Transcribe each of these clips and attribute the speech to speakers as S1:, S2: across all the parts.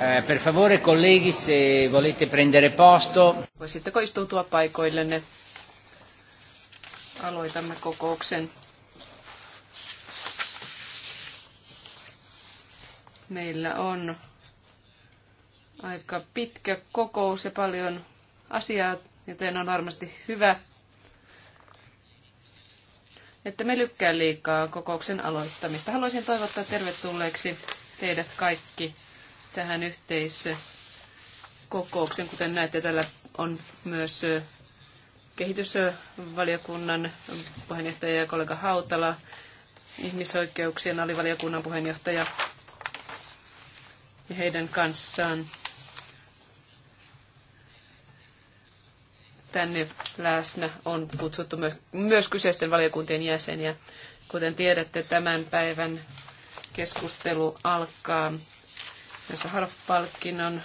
S1: Eh, per favore, colleghi, se volete prendere posto.
S2: Voisitteko istutua paikoillenne? Aloitamme kokouksen. Meillä on aika pitkä kokous ja paljon asiaa, joten on varmasti hyvä, että me lykkään liikaa kokouksen aloittamista. Haluaisin toivottaa tervetulleeksi teidät kaikki tähän yhteiskokoukseen. Kuten näette, tällä on myös kehitysvaliokunnan puheenjohtaja ja kollega Hautala, ihmisoikeuksien alivaliokunnan puheenjohtaja ja heidän kanssaan tänne läsnä on kutsuttu myös, myös kyseisten valiokuntien jäseniä. Kuten tiedätte, tämän päivän keskustelu alkaa Saharov-palkinnon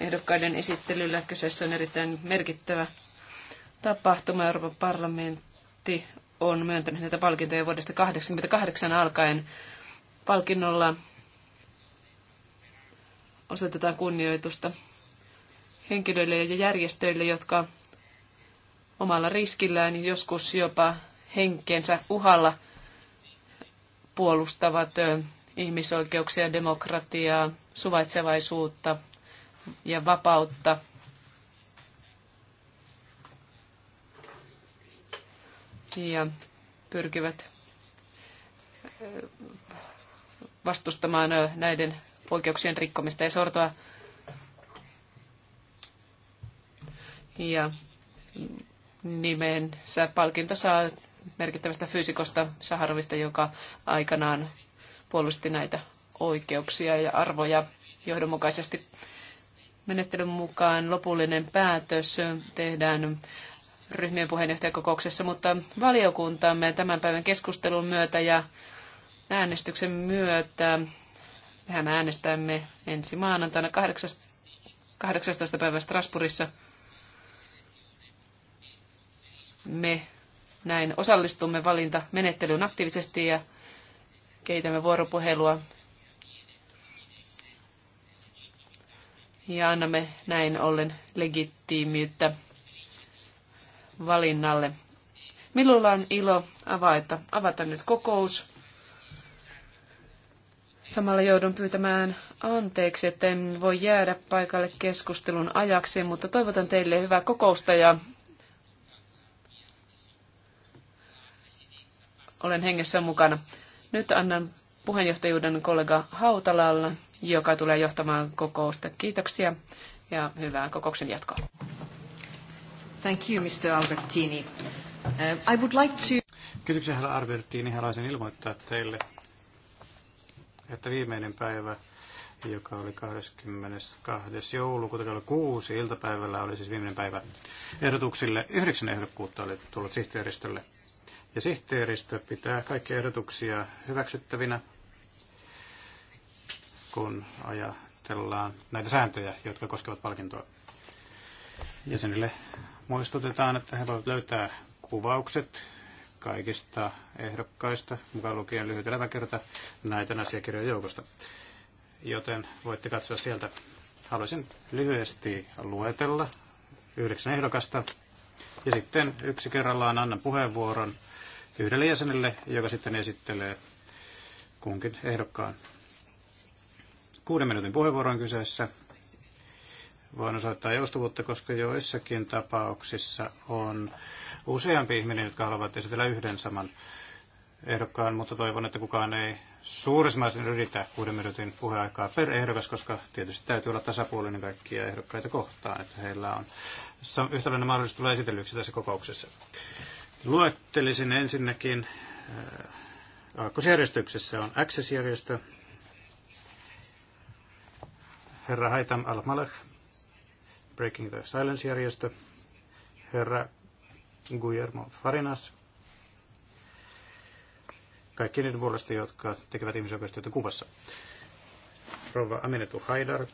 S2: ehdokkaiden esittelyllä. Kyseessä on erittäin merkittävä tapahtuma. Euroopan parlamentti on myöntänyt näitä palkintoja vuodesta 1988 alkaen. Palkinnolla osoitetaan kunnioitusta henkilöille ja järjestöille, jotka omalla riskillään, joskus jopa henkensä uhalla puolustavat ihmisoikeuksia, demokratiaa, suvaitsevaisuutta ja vapautta. Ja pyrkivät äh, vastustamaan äh, näiden oikeuksien rikkomista ja sortoa. Ja nimensä palkinto saa merkittävästä fyysikosta Saharovista, joka aikanaan puolusti näitä oikeuksia ja arvoja johdonmukaisesti. Menettelyn mukaan lopullinen päätös tehdään ryhmien puheenjohtajakokouksessa, mutta valiokuntamme tämän päivän keskustelun myötä ja äänestyksen myötä, mehän äänestämme ensi maanantaina 18. päivä Strasbourgissa, me näin osallistumme valintamenettelyyn aktiivisesti ja keitämme vuoropuhelua ja annamme näin ollen legittiimiyttä valinnalle. Minulla on ilo avata, avata nyt kokous. Samalla joudun pyytämään anteeksi, että en voi jäädä paikalle keskustelun ajaksi, mutta toivotan teille hyvää kokousta ja olen hengessä mukana. Nyt annan puheenjohtajuuden kollega Hautalalla, joka tulee johtamaan kokousta. Kiitoksia ja hyvää kokouksen jatkoa. Thank you, Mr. Albertini. Uh, I would like to...
S3: Kiitoksia, herra Albertini. Haluaisin ilmoittaa teille, että viimeinen päivä, joka oli 22. joulukuuta kello 6 iltapäivällä, oli siis viimeinen päivä ehdotuksille. Yhdeksän ehdokkuutta oli tullut sihteeristölle ja sihteeristö pitää kaikkia ehdotuksia hyväksyttävinä, kun ajatellaan näitä sääntöjä, jotka koskevat palkintoa. Jäsenille muistutetaan, että he voivat löytää kuvaukset kaikista ehdokkaista, mukaan lukien lyhyt elämäkerta näiden asiakirjojen joukosta. Joten voitte katsoa sieltä. Haluaisin lyhyesti luetella yhdeksän ehdokasta. Ja sitten yksi kerrallaan annan puheenvuoron yhdelle jäsenelle, joka sitten esittelee kunkin ehdokkaan. Kuuden minuutin puheenvuoro on kyseessä. Voin osoittaa joustavuutta, koska joissakin tapauksissa on useampi ihminen, jotka haluavat esitellä yhden saman ehdokkaan, mutta toivon, että kukaan ei suurismaisen yritä kuuden minuutin puheaikaa per ehdokas, koska tietysti täytyy olla tasapuolinen kaikkia ehdokkaita kohtaan, että heillä on yhtälainen mahdollisuus tulla esitellyksi tässä kokouksessa. Luettelisin ensinnäkin äh, aakkosjärjestyksessä on Access-järjestö, herra Haitam al-Malek, Breaking the Silence-järjestö, herra Guillermo Farinas, kaikki niiden puolesta, jotka tekevät ihmisoikeustyötä Kuvassa. Rova Aminetu Haidar,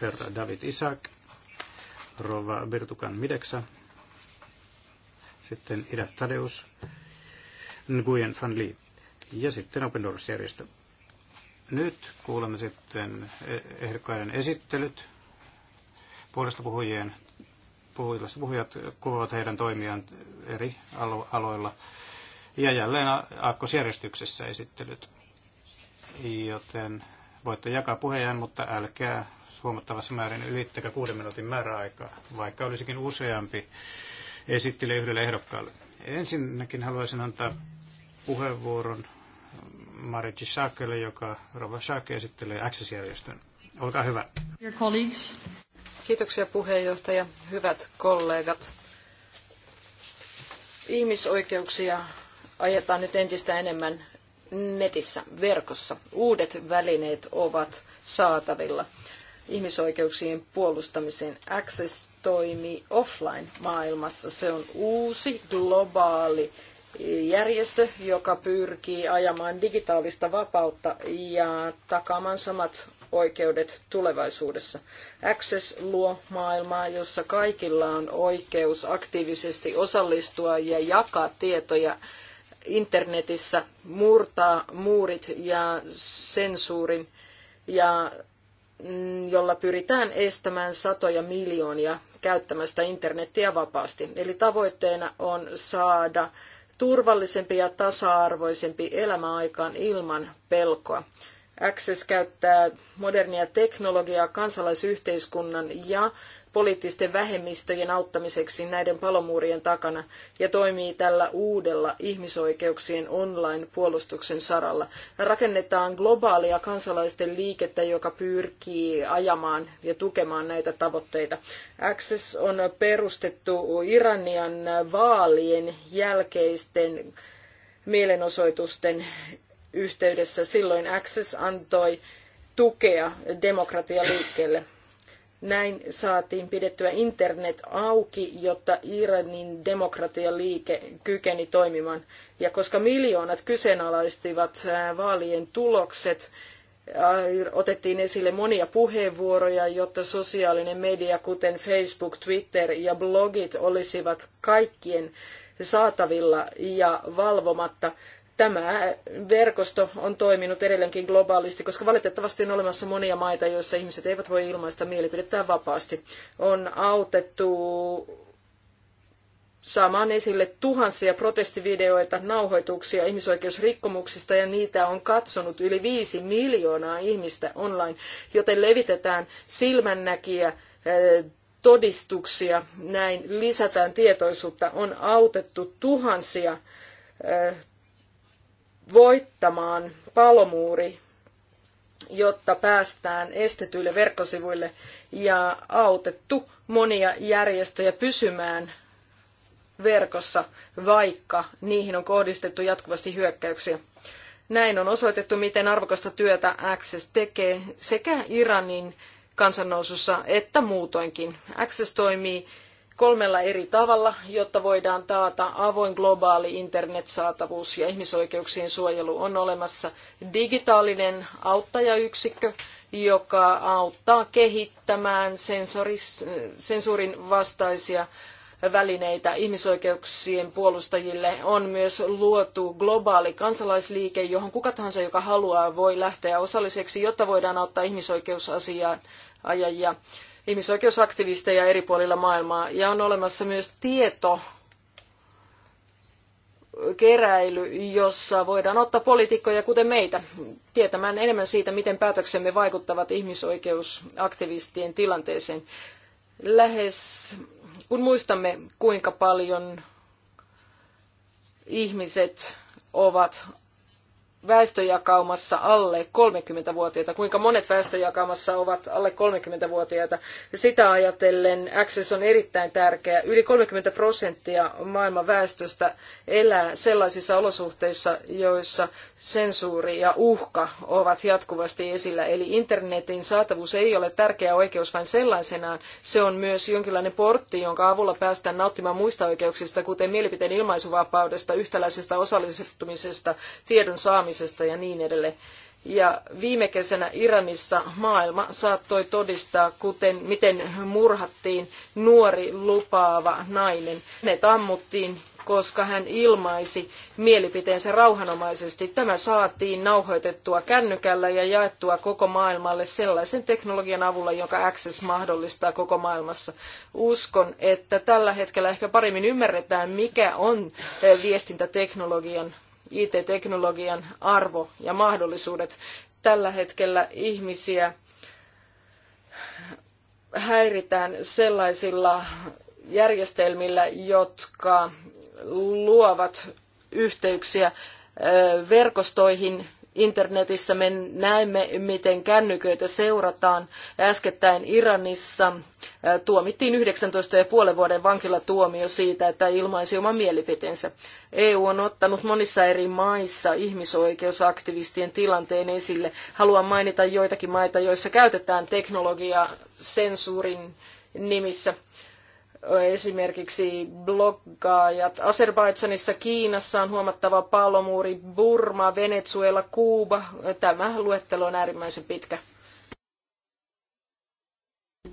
S3: herra David Isak, rova Birtukan Mideksa, sitten Idät Tadeus, Nguyen Van Lee ja sitten Open Doors-järjestö. Nyt kuulemme sitten e- ehdokkaiden esittelyt. Puolesta puhujien puhujista puhujat kuvaavat heidän toimiaan eri aloilla. Ja jälleen aakkosjärjestyksessä esittelyt. Joten voitte jakaa puheen, mutta älkää huomattavassa määrin ylittäkö kuuden minuutin määräaikaa, vaikka olisikin useampi esittelee yhdelle ehdokkaalle. Ensinnäkin haluaisin antaa puheenvuoron Marici Shakelle, joka Rova Shake esittelee Access-järjestön. Olkaa hyvä.
S4: Your colleagues. Kiitoksia puheenjohtaja. Hyvät kollegat. Ihmisoikeuksia ajetaan nyt entistä enemmän netissä, verkossa. Uudet välineet ovat saatavilla ihmisoikeuksien puolustamiseen. Access toimii offline-maailmassa. Se on uusi globaali järjestö, joka pyrkii ajamaan digitaalista vapautta ja takaamaan samat oikeudet tulevaisuudessa. Access luo maailmaa, jossa kaikilla on oikeus aktiivisesti osallistua ja jakaa tietoja internetissä, murtaa muurit ja sensuurin ja Mm, jolla pyritään estämään satoja miljoonia käyttämästä internettiä vapaasti. Eli tavoitteena on saada turvallisempi ja tasa-arvoisempi elämä aikaan ilman pelkoa. Access käyttää modernia teknologiaa kansalaisyhteiskunnan ja poliittisten vähemmistöjen auttamiseksi näiden palomuurien takana ja toimii tällä uudella ihmisoikeuksien online-puolustuksen saralla. Rakennetaan globaalia kansalaisten liikettä, joka pyrkii ajamaan ja tukemaan näitä tavoitteita. Access on perustettu Iranian vaalien jälkeisten mielenosoitusten yhteydessä. Silloin Access antoi tukea demokratialiikkeelle. Näin saatiin pidettyä internet auki, jotta Iranin demokratialiike kykeni toimimaan. Ja koska miljoonat kyseenalaistivat vaalien tulokset, otettiin esille monia puheenvuoroja, jotta sosiaalinen media, kuten Facebook, Twitter ja blogit, olisivat kaikkien saatavilla ja valvomatta tämä verkosto on toiminut edelleenkin globaalisti, koska valitettavasti on olemassa monia maita, joissa ihmiset eivät voi ilmaista mielipidettään vapaasti. On autettu saamaan esille tuhansia protestivideoita, nauhoituksia ihmisoikeusrikkomuksista ja niitä on katsonut yli viisi miljoonaa ihmistä online, joten levitetään silmännäkiä eh, todistuksia, näin lisätään tietoisuutta, on autettu tuhansia eh, voittamaan palomuuri, jotta päästään estetyille verkkosivuille ja autettu monia järjestöjä pysymään verkossa, vaikka niihin on kohdistettu jatkuvasti hyökkäyksiä. Näin on osoitettu, miten arvokasta työtä Access tekee sekä Iranin kansannousussa että muutoinkin. Access toimii kolmella eri tavalla, jotta voidaan taata avoin globaali internetsaatavuus ja ihmisoikeuksien suojelu. On olemassa digitaalinen auttajayksikkö, joka auttaa kehittämään sensoris, sensuurin vastaisia välineitä ihmisoikeuksien puolustajille. On myös luotu globaali kansalaisliike, johon kuka tahansa, joka haluaa, voi lähteä osalliseksi, jotta voidaan auttaa ihmisoikeusasiaa ajajia ihmisoikeusaktivisteja eri puolilla maailmaa. Ja on olemassa myös tieto keräily, jossa voidaan ottaa poliitikkoja, kuten meitä, tietämään enemmän siitä, miten päätöksemme vaikuttavat ihmisoikeusaktivistien tilanteeseen. Lähes, kun muistamme, kuinka paljon ihmiset ovat väestöjakaumassa alle 30-vuotiaita, kuinka monet väestöjakaumassa ovat alle 30-vuotiaita. Sitä ajatellen Access on erittäin tärkeä. Yli 30 prosenttia maailman väestöstä elää sellaisissa olosuhteissa, joissa sensuuri ja uhka ovat jatkuvasti esillä. Eli internetin saatavuus ei ole tärkeä oikeus vain sellaisenaan. Se on myös jonkinlainen portti, jonka avulla päästään nauttimaan muista oikeuksista, kuten mielipiteen ilmaisuvapaudesta, yhtäläisestä osallistumisesta, tiedon saamisesta, tapaamisesta ja niin edelleen. Ja viime kesänä Iranissa maailma saattoi todistaa, kuten, miten murhattiin nuori lupaava nainen. Ne ammuttiin, koska hän ilmaisi mielipiteensä rauhanomaisesti. Tämä saatiin nauhoitettua kännykällä ja jaettua koko maailmalle sellaisen teknologian avulla, joka Access mahdollistaa koko maailmassa. Uskon, että tällä hetkellä ehkä paremmin ymmärretään, mikä on eh, viestintäteknologian IT-teknologian arvo ja mahdollisuudet. Tällä hetkellä ihmisiä häiritään sellaisilla järjestelmillä, jotka luovat yhteyksiä verkostoihin, Internetissä me näemme, miten kännyköitä seurataan. Äskettäin Iranissa tuomittiin 19,5 vuoden vankilatuomio siitä, että ilmaisi oman mielipiteensä. EU on ottanut monissa eri maissa ihmisoikeusaktivistien tilanteen esille. Haluan mainita joitakin maita, joissa käytetään teknologiaa sensuurin nimissä Esimerkiksi bloggaajat. Azerbaidsanissa, Kiinassa on huomattava palomuuri, Burma, Venezuela, Kuuba. Tämä luettelo on äärimmäisen pitkä.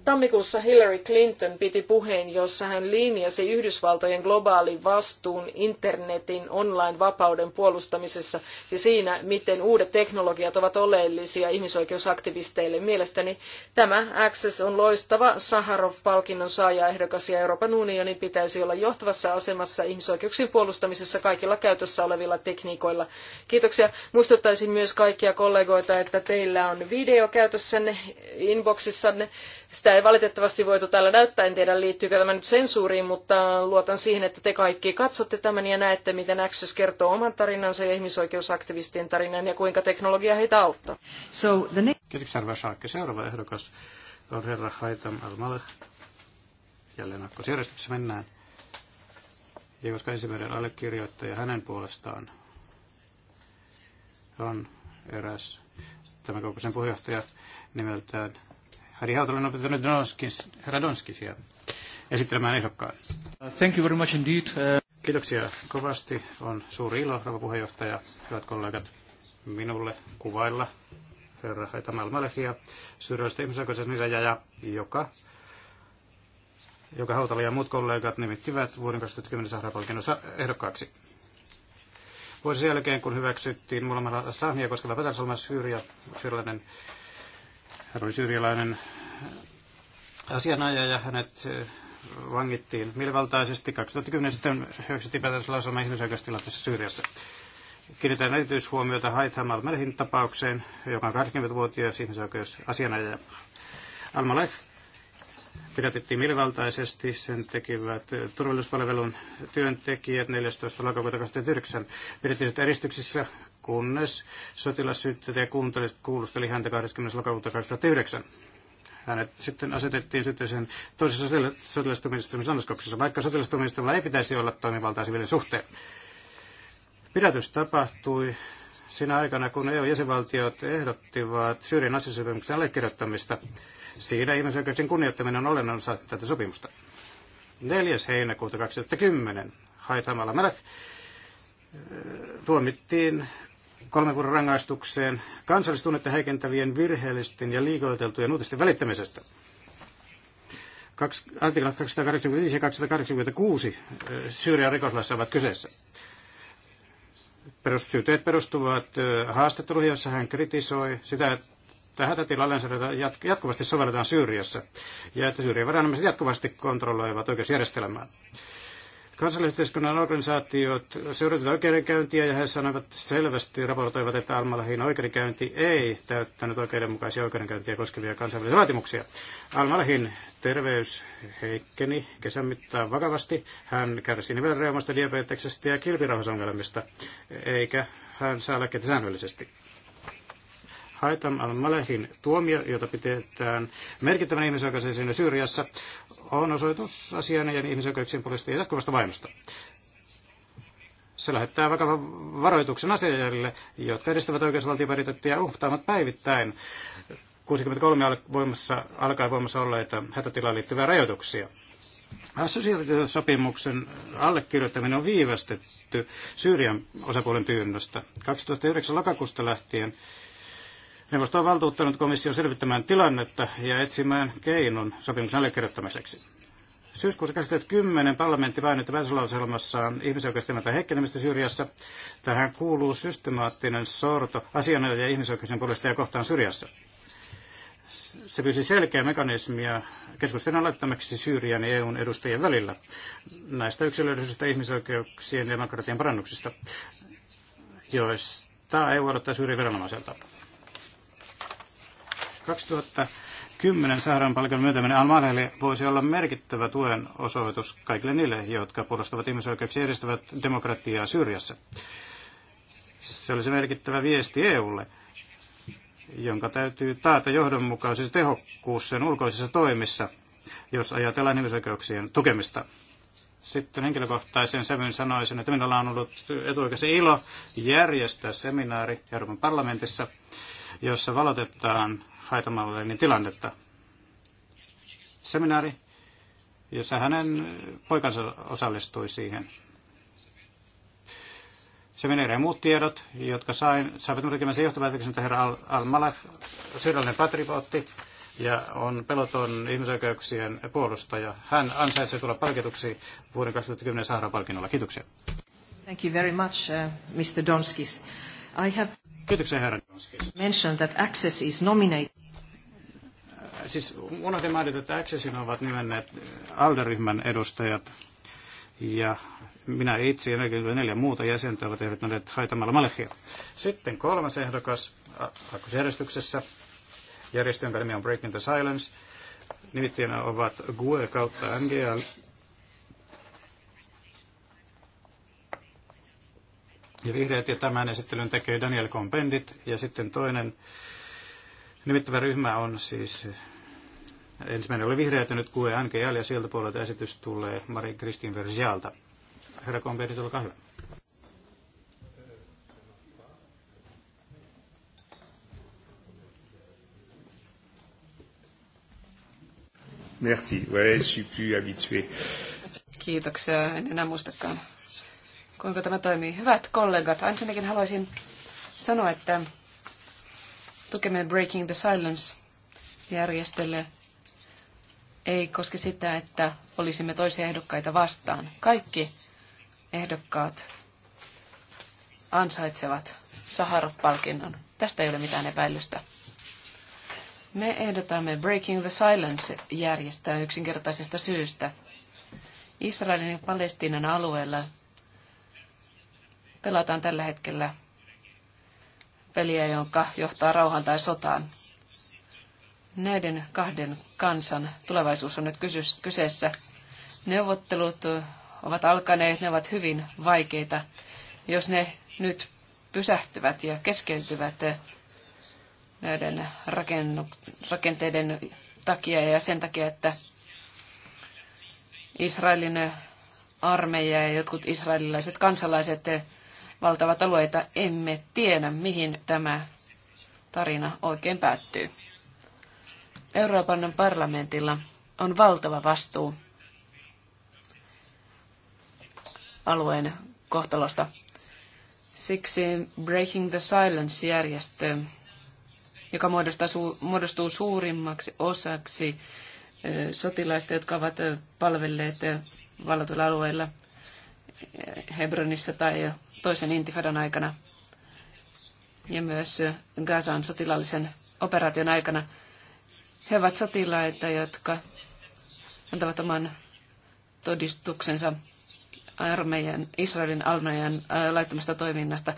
S4: Tammikuussa Hillary Clinton piti puheen, jossa hän linjasi Yhdysvaltojen globaalin vastuun internetin online-vapauden puolustamisessa ja siinä, miten uudet teknologiat ovat oleellisia ihmisoikeusaktivisteille. Mielestäni tämä Access on loistava Saharov-palkinnon saajaehdokas ja Euroopan unionin pitäisi olla johtavassa asemassa ihmisoikeuksien puolustamisessa kaikilla käytössä olevilla tekniikoilla. Kiitoksia. Muistuttaisin myös kaikkia kollegoita, että teillä on video käytössänne, inboxissanne. Sitä ei valitettavasti voitu täällä näyttää, en tiedä liittyykö tämä nyt sensuuriin, mutta luotan siihen, että te kaikki katsotte tämän ja näette, miten Access kertoo oman tarinansa ja ihmisoikeusaktivistien tarinan ja kuinka teknologia heitä auttaa.
S3: So the next... Kiitoksia, arvoisa Saakka. Seuraava ehdokas on herra Haitam Almaleh. Jälleen akkosjärjestyksessä mennään. Ja koska ensimmäinen allekirjoittaja hänen puolestaan on eräs tämän kokoisen puheenjohtaja nimeltään Harri Hautala on opettanut Donskis, Radonskisia esittelemään ehdokkaan. Thank you very much indeed. Uh, Kiitoksia kovasti. On suuri ilo, rouva puheenjohtaja, hyvät kollegat, minulle kuvailla herra Haitamal Malehia, syrjäistä ihmisoikeuden lisäjäjä, joka joka Hautala ja muut kollegat nimittivät vuoden 2010 sahrapalkinnon ehdokkaaksi. Vuosi sen jälkeen, kun hyväksyttiin Mulamalla Sahnia koskeva Petarsalma Syyria, syyrialainen hän oli syyrialainen asianajaja ja hänet vangittiin mielivaltaisesti 2010 sitten hyväksyttiin päätöslausuma ihmisoikeustilanteessa Syyriassa. Kiinnitään erityishuomiota Haitham al tapaukseen, joka on 20 vuotias ihmisoikeusasianajaja. Almalek pidätettiin mielivaltaisesti. Sen tekivät eh, turvallisuuspalvelun työntekijät 14. lokakuuta 2009 pidettiin eristyksissä, kunnes sotilassyyttäjä kuunteli, kuulusteli häntä 20. lokakuuta 2009. Hänet sitten asetettiin sen toisessa sotilastuomioistuimessa annoskoksessa, vaikka sotilastuomioistuimella ei pitäisi olla toimivaltaa suhteen. Pidätys tapahtui sinä aikana, kun EU-jäsenvaltiot ehdottivat Syyrian asiasopimuksen allekirjoittamista Siinä ihmisoikeuksien kunnioittaminen on olennainen osa tätä sopimusta. 4. heinäkuuta 2010 Haitamalla Mälät tuomittiin kolmen vuoden rangaistukseen kansallistunnetta heikentävien virheellisten ja liikoiteltujen uutisten välittämisestä. Artiklat 285 ja 286 äh, Syyrian rikoslaissa ovat kyseessä. Perussyyteet perustuvat äh, haastatteluihin, jossa hän kritisoi sitä, että että hätätilalainsäädäntöä jatkuvasti sovelletaan Syyriassa ja että Syyrian viranomaiset jatkuvasti kontrolloivat oikeusjärjestelmää. Kansallisyhteiskunnan organisaatiot seurasivat oikeudenkäyntiä ja he sanoivat selvästi, raportoivat, että Almalahin oikeudenkäynti ei täyttänyt oikeudenmukaisia oikeudenkäyntiä koskevia kansainvälisiä vaatimuksia. Almalahin terveys heikkeni kesän mittaan vakavasti. Hän kärsi nivelreumasta, diabeteksestä ja kilpirauhasongelmista, eikä hän saa lääkkeitä säännöllisesti. Haitam al-Malehin tuomio, jota pidetään merkittävän ihmisoikeusesine Syyriassa, on osoitus asian ja ihmisoikeuksien puolesta jatkuvasta vainosta. Se lähettää vakavan varoituksen asiajärjille, jotka edistävät oikeusvaltioperitettä ja uhtaamat päivittäin 63 voimassa, alkaa voimassa olleita hätätilaan liittyviä rajoituksia. Assosiaatiosopimuksen allekirjoittaminen on viivästetty Syyrian osapuolen pyynnöstä. 2009 lokakuusta lähtien Neuvosto on valtuuttanut komission selvittämään tilannetta ja etsimään keinon sopimuksen allekirjoittamiseksi. Syyskuussa 2010 parlamentti painotti päätöslauselmassaan ihmisoikeustilanteen heikkenemistä Syyriassa. Tähän kuuluu systemaattinen sorto asianajan ja ihmisoikeuksien puolesta ja kohtaan Syyriassa. Se pyysi selkeää mekanismia keskustelun aloittamiseksi Syyrian ja EUn edustajien välillä näistä yksilöllisistä ihmisoikeuksien ja demokratian parannuksista, joista EU odottaa Syyrian viranomaiselta. 2010 sairaan palkan myöntäminen Al-Malheille voisi olla merkittävä tuen osoitus kaikille niille, jotka puolustavat ihmisoikeuksia ja edistävät demokratiaa Syyriassa. Se olisi merkittävä viesti EUlle, jonka täytyy taata johdonmukaisesti tehokkuus sen ulkoisissa toimissa, jos ajatellaan ihmisoikeuksien tukemista sitten henkilökohtaisen sävyn sanoisin, että minulla on ollut etuoikeus ilo järjestää seminaari Euroopan parlamentissa, jossa valotetaan Haitamalleenin tilannetta. Seminaari, jossa hänen poikansa osallistui siihen. Seminaari ja muut tiedot, jotka sain, saivat sen johtopäätöksen, että herra Al- Al-Malak, syyllinen patriotti ja on peloton ihmisoikeuksien puolustaja. Hän ansaitsee tulla palkituksi vuoden 2010 Sahara-palkinnolla. Kiitoksia.
S4: Thank you very much, uh, Mr. Donskis.
S3: I have... Kiitoksia herra.
S4: Mention that access is nominated.
S3: Äh, siis unohdin mainita, että Accessin ovat nimenneet äh, Alderyhmän edustajat ja minä itse ja 44 muuta jäsentä ovat ehdottaneet haitamalla malehia. Sitten kolmas ehdokas akkosjärjestyksessä, järjestö, nimi on Breaking the Silence, nimittäin ovat GUE kautta NGL ja vihreät, ja tämän esittelyn tekee Daniel Kompendit, ja sitten toinen nimittävä ryhmä on siis, ensimmäinen oli vihreät, ja nyt kuulee NGL, ja sieltä puolelta esitys tulee Mari Kristin Versialta. Herra Kompendit, olkaa hyvä. Merci. Ouais, je suis plus habitué.
S2: Kiitoksia, en enää muistakaan kuinka tämä toimii. Hyvät kollegat, ensinnäkin haluaisin sanoa, että tukemme Breaking the Silence-järjestölle ei koske sitä, että olisimme toisia ehdokkaita vastaan. Kaikki ehdokkaat ansaitsevat Saharov-palkinnon. Tästä ei ole mitään epäilystä. Me ehdotamme Breaking the silence järjestää yksinkertaisesta syystä. Israelin ja Palestiinan alueella pelataan tällä hetkellä peliä, jonka johtaa rauhan tai sotaan. Näiden kahden kansan tulevaisuus on nyt kyseessä. Neuvottelut ovat alkaneet, ne ovat hyvin vaikeita. Jos ne nyt pysähtyvät ja keskeytyvät näiden rakenteiden takia ja sen takia, että Israelin armeija ja jotkut israelilaiset kansalaiset valtavat alueita, emme tiedä, mihin tämä tarina oikein päättyy. Euroopan parlamentilla on valtava vastuu alueen kohtalosta. Siksi Breaking the Silence-järjestö, joka muodostuu suurimmaksi osaksi sotilaista, jotka ovat palvelleet vallatuilla alueilla, Hebronissa tai toisen intifadan aikana ja myös Gazan sotilallisen operaation aikana. He ovat sotilaita, jotka antavat oman todistuksensa armeijan, Israelin armeijan äh, laittomasta toiminnasta.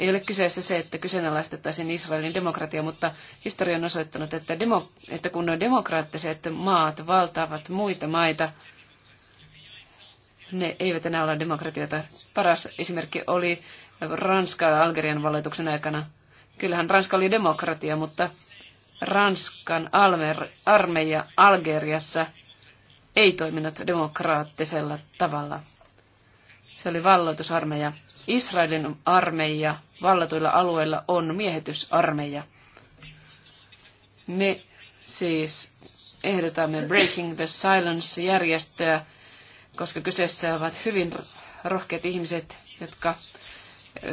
S2: Ei ole kyseessä se, että kyseenalaistettaisiin Israelin demokratia, mutta historia on osoittanut, että, demo, että kun on demokraattiset maat valtaavat muita maita, ne eivät enää ole demokratioita. Paras esimerkki oli Ranska ja Algerian valituksen aikana. Kyllähän Ranska oli demokratia, mutta Ranskan armeija Algeriassa ei toiminut demokraattisella tavalla. Se oli valloitusarmeija. Israelin armeija vallatuilla alueilla on miehitysarmeija. Me siis ehdotamme Breaking the Silence-järjestöä, koska kyseessä ovat hyvin rohkeat ihmiset, jotka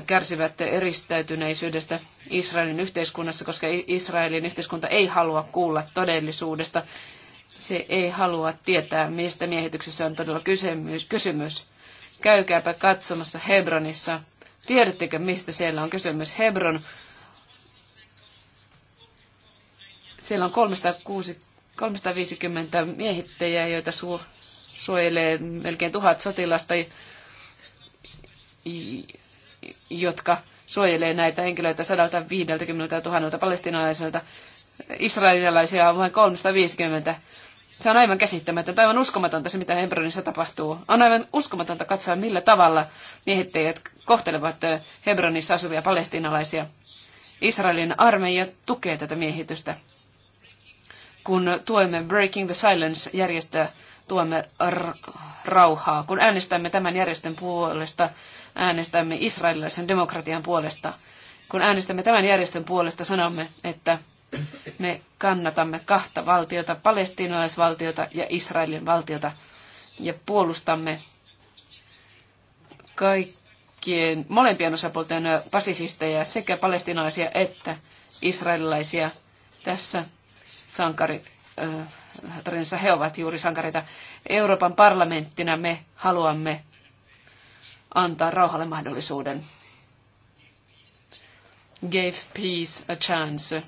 S2: kärsivät eristäytyneisyydestä Israelin yhteiskunnassa, koska Israelin yhteiskunta ei halua kuulla todellisuudesta. Se ei halua tietää, mistä miehityksessä on todella kysymys. Käykääpä katsomassa Hebronissa. Tiedättekö, mistä siellä on kysymys? Hebron. Siellä on 360, 350 miehittäjää, joita suu suojelee melkein tuhat sotilasta, jotka suojelee näitä henkilöitä 150 000 palestinalaiselta, israelilaisia on vain 350. Se on aivan käsittämätöntä, aivan uskomatonta se, mitä Hebronissa tapahtuu. On aivan uskomatonta katsoa, millä tavalla miehittäjät kohtelevat Hebronissa asuvia palestinalaisia. Israelin armeija tukee tätä miehitystä. Kun tuemme Breaking the Silence-järjestöä, tuemme rauhaa. Kun äänestämme tämän järjestön puolesta, äänestämme israelilaisen demokratian puolesta. Kun äänestämme tämän järjestön puolesta, sanomme, että me kannatamme kahta valtiota, palestiinalaisvaltiota ja Israelin valtiota, ja puolustamme kaikkien, molempien osapuolten pasifisteja, sekä palestiinalaisia että israelilaisia. Tässä sankarit äh, Todennäköisesti he ovat juuri sankareita. Euroopan parlamenttina me haluamme antaa rauhalle mahdollisuuden. Gave peace a chance.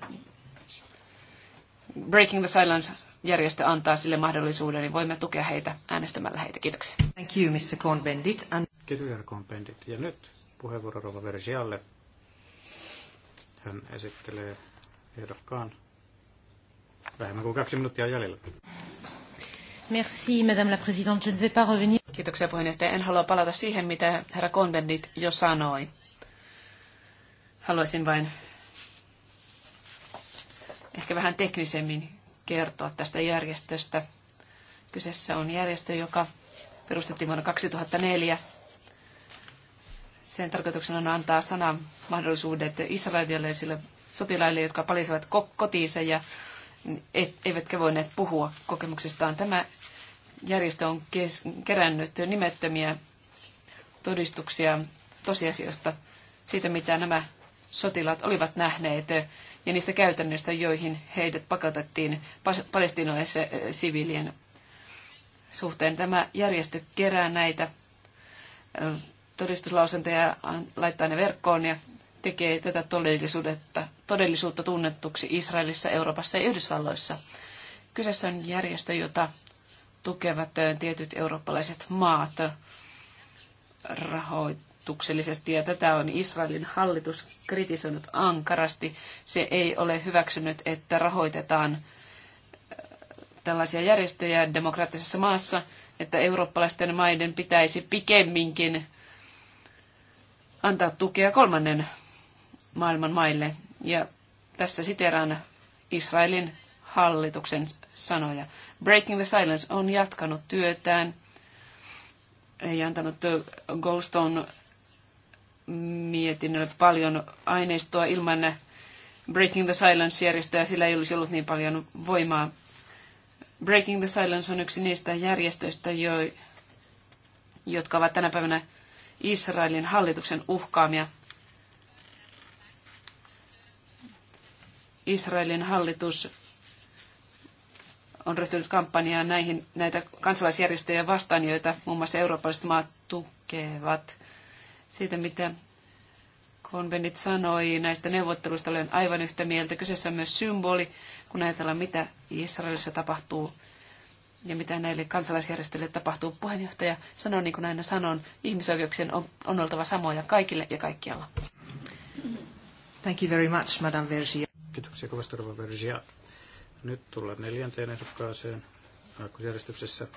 S2: Breaking the Silence järjestö antaa sille mahdollisuuden, niin voimme tukea heitä äänestämällä heitä. Kiitoksia.
S3: Thank you, Mr. Cohn-Bendit. And... Kiitoksia, Cohn-Bendit. Ja nyt puheenvuoro Rova Vergialle. Hän esittelee ehdokkaan Vähemmän kuin kaksi minuuttia jäljellä.
S2: Merci, Madame la Présidente. Je ne vais pas revenir. Kiitoksia puheenjohtaja. En halua palata siihen, mitä herra Konvendit jo sanoi. Haluaisin vain ehkä vähän teknisemmin kertoa tästä järjestöstä. Kyseessä on järjestö, joka perustettiin vuonna 2004. Sen tarkoituksena on antaa sanan mahdollisuudet israelilaisille sotilaille, jotka palisivat kotiinsa ja eivätkä voineet puhua kokemuksestaan. Tämä järjestö on kes- kerännyt nimettömiä todistuksia tosiasiasta siitä, mitä nämä sotilaat olivat nähneet ja niistä käytännöistä, joihin heidät pakotettiin palestinoissa äh, siviilien suhteen. Tämä järjestö kerää näitä äh, todistuslausuntoja, laittaa ne verkkoon ja tekee tätä todellisuudetta todellisuutta tunnettuksi Israelissa, Euroopassa ja Yhdysvalloissa. Kyseessä on järjestö, jota tukevat tietyt eurooppalaiset maat rahoituksellisesti, ja tätä on Israelin hallitus kritisoinut ankarasti. Se ei ole hyväksynyt, että rahoitetaan tällaisia järjestöjä demokraattisessa maassa, että eurooppalaisten maiden pitäisi pikemminkin antaa tukea kolmannen maailman maille. Ja tässä siteraan Israelin hallituksen sanoja. Breaking the Silence on jatkanut työtään, ei antanut Goldstone mietinnölle paljon aineistoa ilman Breaking the Silence-järjestöä, sillä ei olisi ollut niin paljon voimaa. Breaking the Silence on yksi niistä järjestöistä, jo, jotka ovat tänä päivänä Israelin hallituksen uhkaamia – Israelin hallitus on ryhtynyt kampanjaan näihin, näitä kansalaisjärjestöjä vastaan, joita muun muassa eurooppalaiset maat tukevat. Siitä, mitä Konvenit sanoi näistä neuvotteluista, olen aivan yhtä mieltä. Kyseessä on myös symboli, kun ajatellaan, mitä Israelissa tapahtuu ja mitä näille kansalaisjärjestöille tapahtuu. Puheenjohtaja sanoi, niin kuin aina sanon, ihmisoikeuksien on, on oltava samoja kaikille ja kaikkialla.
S3: Thank you very much, Madame Vergia. Kiitoksia kovasti Rova Nyt tullaan neljänteen ehdokkaaseen aakkosjärjestyksessä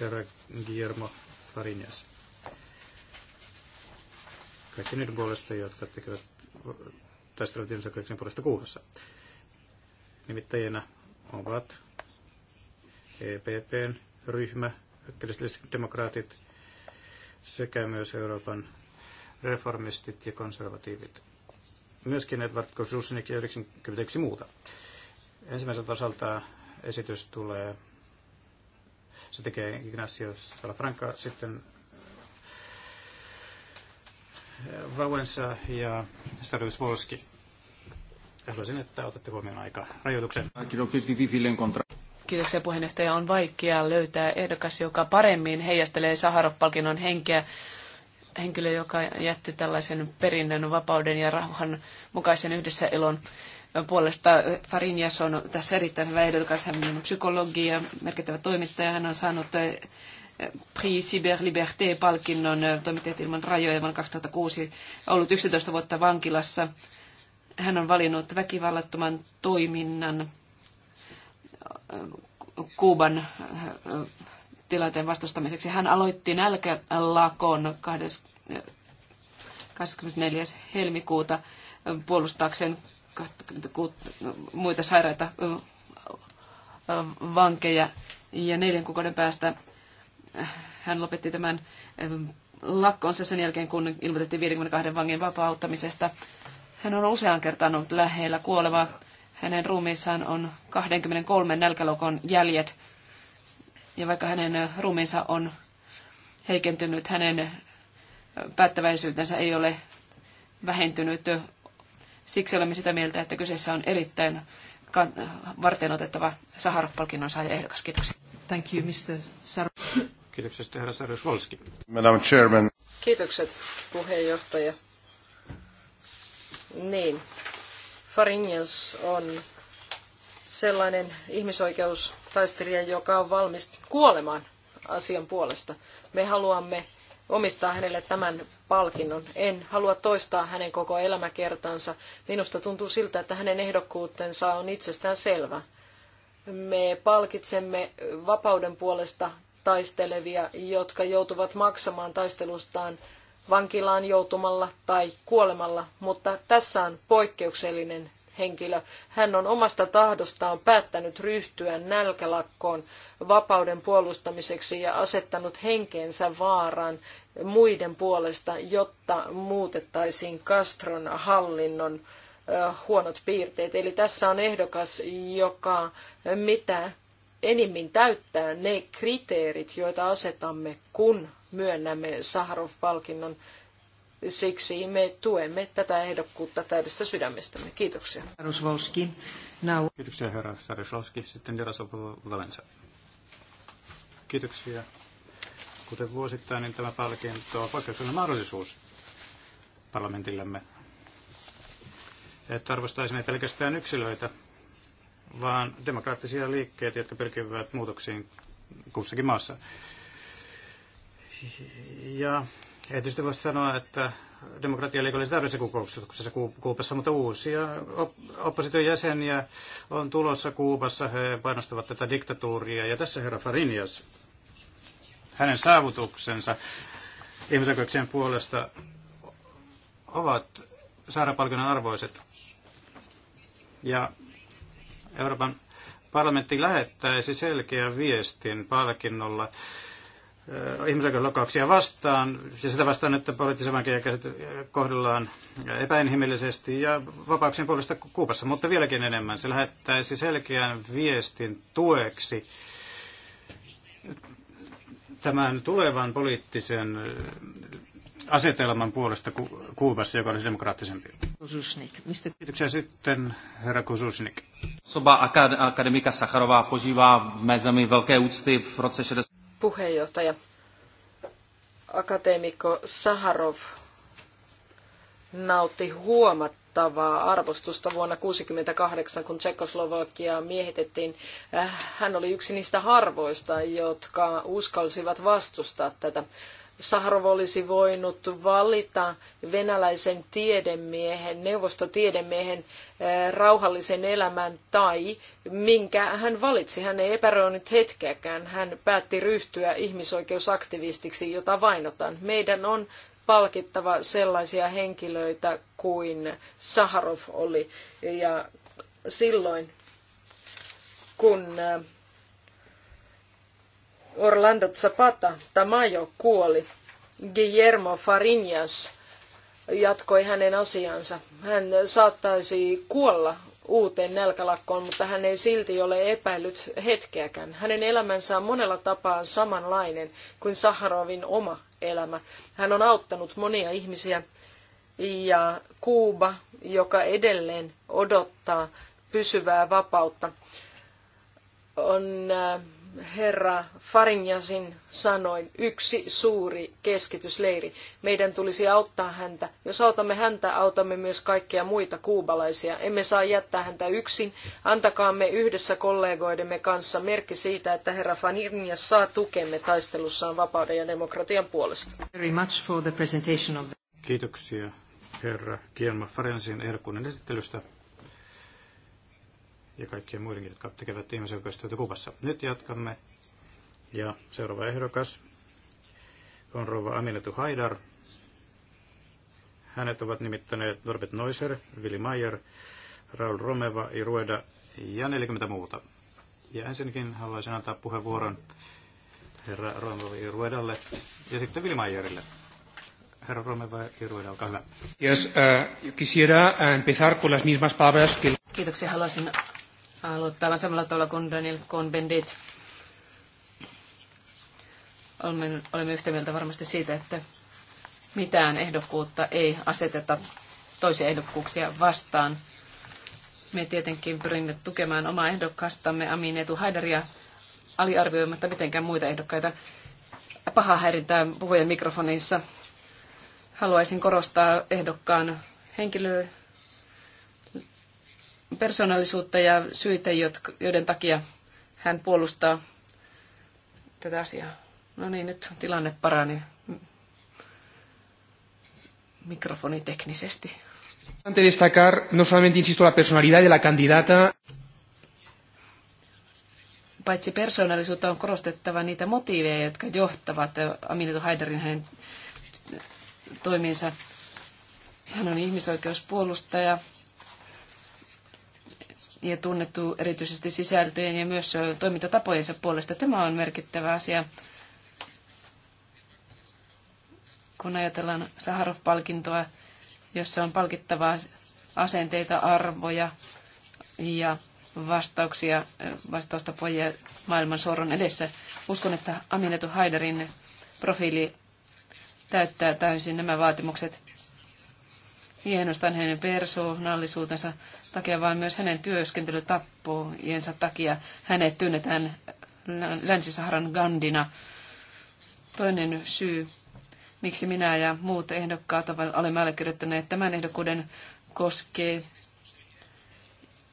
S3: herra Guillermo Farinias. Kaikki niiden puolesta, jotka tekevät taistelevat ihmisoikeuksien puolesta kuuhassa. Nimittäjänä ovat EPPn ryhmä, kristilliset demokraatit sekä myös Euroopan reformistit ja konservatiivit myöskin Edward Kosusnik ja 91 muuta. Ensimmäiseltä osalta esitys tulee, se tekee Ignacio Salafranca, sitten äh, Vauensa ja Stadius Volski. Haluaisin, että otatte huomioon aika rajoituksen.
S2: Kiitoksia puheenjohtaja. On vaikea löytää ehdokas, joka paremmin heijastelee Saharov-palkinnon henkeä henkilö, joka jätti tällaisen perinnön vapauden ja rauhan mukaisen yhdessä elon puolesta. Farinjas on tässä erittäin hyvä ehdokas. Hän on psykologi ja merkittävä toimittaja. Hän on saanut eh, Prix Cyber Liberté-palkinnon eh, toimittajat ilman rajoja vuonna 2006 ollut 11 vuotta vankilassa. Hän on valinnut väkivallattoman toiminnan eh, Kuuban tilanteen vastustamiseksi. Hän aloitti nälkälakon 24. helmikuuta puolustaakseen muita sairaita vankeja. Ja neljän kuukauden päästä hän lopetti tämän lakkonsa sen jälkeen, kun ilmoitettiin 52 vangin vapauttamisesta. Hän on usean kertaan ollut lähellä kuolevaa. Hänen ruumiissaan on 23 nälkälokon jäljet. Ja vaikka hänen ruumiinsa on heikentynyt, hänen päättäväisyytensä ei ole vähentynyt. Siksi olemme sitä mieltä, että kyseessä on erittäin varten otettava Saharov-palkinnon saaja ehdokas. Kiitoksia. Thank you, Mr. Sar-
S3: Kiitoksia, herra Sarjus-Volski. Madam Chairman.
S2: Kiitokset, puheenjohtaja.
S4: Niin, Farinjas on sellainen ihmisoikeustaistelija, joka on valmis kuolemaan asian puolesta. Me haluamme omistaa hänelle tämän palkinnon. En halua toistaa hänen koko elämäkertansa. Minusta tuntuu siltä, että hänen ehdokkuutensa on itsestään selvä. Me palkitsemme vapauden puolesta taistelevia, jotka joutuvat maksamaan taistelustaan vankilaan joutumalla tai kuolemalla, mutta tässä on poikkeuksellinen henkilö. Hän on omasta tahdostaan päättänyt ryhtyä nälkälakkoon vapauden puolustamiseksi ja asettanut henkeensä vaaran muiden puolesta, jotta muutettaisiin Castron hallinnon huonot piirteet. Eli tässä on ehdokas, joka mitä enimmin täyttää ne kriteerit, joita asetamme, kun myönnämme Saharov-palkinnon Siksi me tuemme tätä ehdokkuutta täydestä sydämestämme. Kiitoksia.
S3: Now. Kiitoksia herra Sarjusovski. Sitten Jaroslav Valensa. Kiitoksia. Kuten vuosittain, niin tämä palkinto on poikkeuksellinen mahdollisuus parlamentillemme. Että ei pelkästään yksilöitä, vaan demokraattisia liikkeitä, jotka pyrkivät muutoksiin kussakin maassa. Ja Tietysti voisi sanoa, että demokratia liikollisi täydellisessä kokouksessa Kuupassa, mutta uusia opposition jäseniä on tulossa Kuubassa. He painostavat tätä diktatuuria. Ja tässä herra Farinjas, hänen saavutuksensa ihmisoikeuksien puolesta ovat sairapalkinnon arvoiset. Ja Euroopan parlamentti lähettäisi selkeän viestin palkinnolla ihmisoikeuslokauksia vastaan ja sitä vastaan, että poliittisia vankeja kohdellaan epäinhimillisesti ja vapauksien puolesta Kuupassa, mutta vieläkin enemmän. Se lähettäisi selkeän viestin tueksi tämän tulevan poliittisen asetelman puolesta Kuubassa, joka olisi demokraattisempi. Kususnik. Mistä... Kiitoksia sitten, herra Kuzusnik. Soba akademika
S1: Sakharova požívá mezami mé zemi velké úcty v roce 60
S4: puheenjohtaja, akateemikko Saharov nautti huomattavaa arvostusta vuonna 1968, kun Tsekoslovakiaa miehitettiin. Äh, hän oli yksi niistä harvoista, jotka uskalsivat vastustaa tätä Saharov olisi voinut valita venäläisen tiedemiehen, neuvostotiedemiehen eh, rauhallisen elämän tai minkä hän valitsi. Hän ei epäröinyt hetkeäkään. Hän päätti ryhtyä ihmisoikeusaktivistiksi, jota vainotaan. Meidän on palkittava sellaisia henkilöitä kuin Saharov oli. Ja silloin, kun eh, Orlando Zapata, Tamayo kuoli. Guillermo Farinas jatkoi hänen asiansa. Hän saattaisi kuolla uuteen nälkälakkoon, mutta hän ei silti ole epäillyt hetkeäkään. Hänen elämänsä on monella tapaa samanlainen kuin Saharovin oma elämä. Hän on auttanut monia ihmisiä ja Kuuba, joka edelleen odottaa pysyvää vapautta, on äh, herra Farinjasin sanoin, yksi suuri keskitysleiri. Meidän tulisi auttaa häntä. Jos autamme häntä, autamme myös kaikkia muita kuubalaisia. Emme saa jättää häntä yksin. Antakaamme yhdessä kollegoidemme kanssa merkki siitä, että herra Farinjas saa tukemme taistelussaan vapauden ja demokratian puolesta.
S3: Kiitoksia herra Kielma Farinjasin erkunen esittelystä ja kaikkien muidenkin, jotka tekevät ihmisoikeustyötä Kubassa. Nyt jatkamme ja seuraava ehdokas on rouva Aminatu Haidar. Hänet ovat nimittäneet Norbert Neuser, Willy Mayer, Raul Romeva, Irueda ja 40 muuta. Ja ensinnäkin haluaisin antaa puheenvuoron herra Romeva Iruedalle ja sitten Willy Mayerille. Herra Romeva Irueda, olkaa hyvä. Yes, uh, quisiera empezar con las mismas palabras que...
S2: Kiitoksia. Haluaisin aloittaa samalla tavalla kuin Daniel Cohn-Bendit. Olemme, olemme yhtä mieltä varmasti siitä, että mitään ehdokkuutta ei aseteta toisia ehdokkuuksia vastaan. Me tietenkin pyrimme tukemaan omaa ehdokkaastamme Etu Haidaria aliarvioimatta mitenkään muita ehdokkaita. Paha häirintää puhujan mikrofonissa. Haluaisin korostaa ehdokkaan henkilöä persoonallisuutta ja syitä, joiden takia hän puolustaa tätä asiaa. No niin, nyt tilanne parani mikrofoni teknisesti. Importante
S3: destacar no solamente, insisto, la personalidad de la candidata.
S2: Paitsi persoonallisuutta on korostettava niitä motiiveja, jotka johtavat Aminatu Haiderin hänen toimiinsa. Hän on ihmisoikeuspuolustaja, ja tunnettu erityisesti sisältöjen ja myös toimintatapojensa puolesta. Tämä on merkittävä asia, kun ajatellaan Saharov-palkintoa, jossa on palkittavaa asenteita, arvoja ja vastauksia, vastaustapoja maailman sorron edessä. Uskon, että Aminatu Haidarin profiili täyttää täysin nämä vaatimukset. Hienostaan hänen persoonallisuutensa, takia, vaan myös hänen työskentelytappojensa takia hänet työnnetään Länsi-Saharan Gandina. Toinen syy, miksi minä ja muut ehdokkaat olemme allekirjoittaneet tämän ehdokkuuden, koskee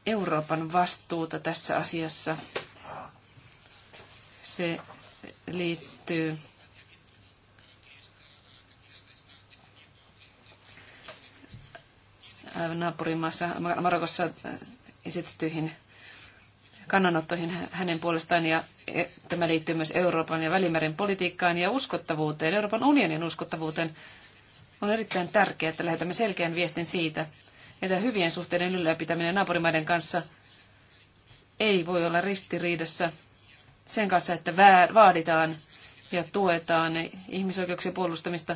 S2: Euroopan vastuuta tässä asiassa. Se liittyy Äh, naapurimaassa Marokossa äh, esitettyihin kannanottoihin hänen puolestaan ja e, tämä liittyy myös Euroopan ja Välimeren politiikkaan ja uskottavuuteen, Euroopan unionin uskottavuuteen. On erittäin tärkeää, että lähetämme selkeän viestin siitä, että hyvien suhteiden ylläpitäminen naapurimaiden kanssa ei voi olla ristiriidassa sen kanssa, että vaaditaan ja tuetaan ihmisoikeuksien puolustamista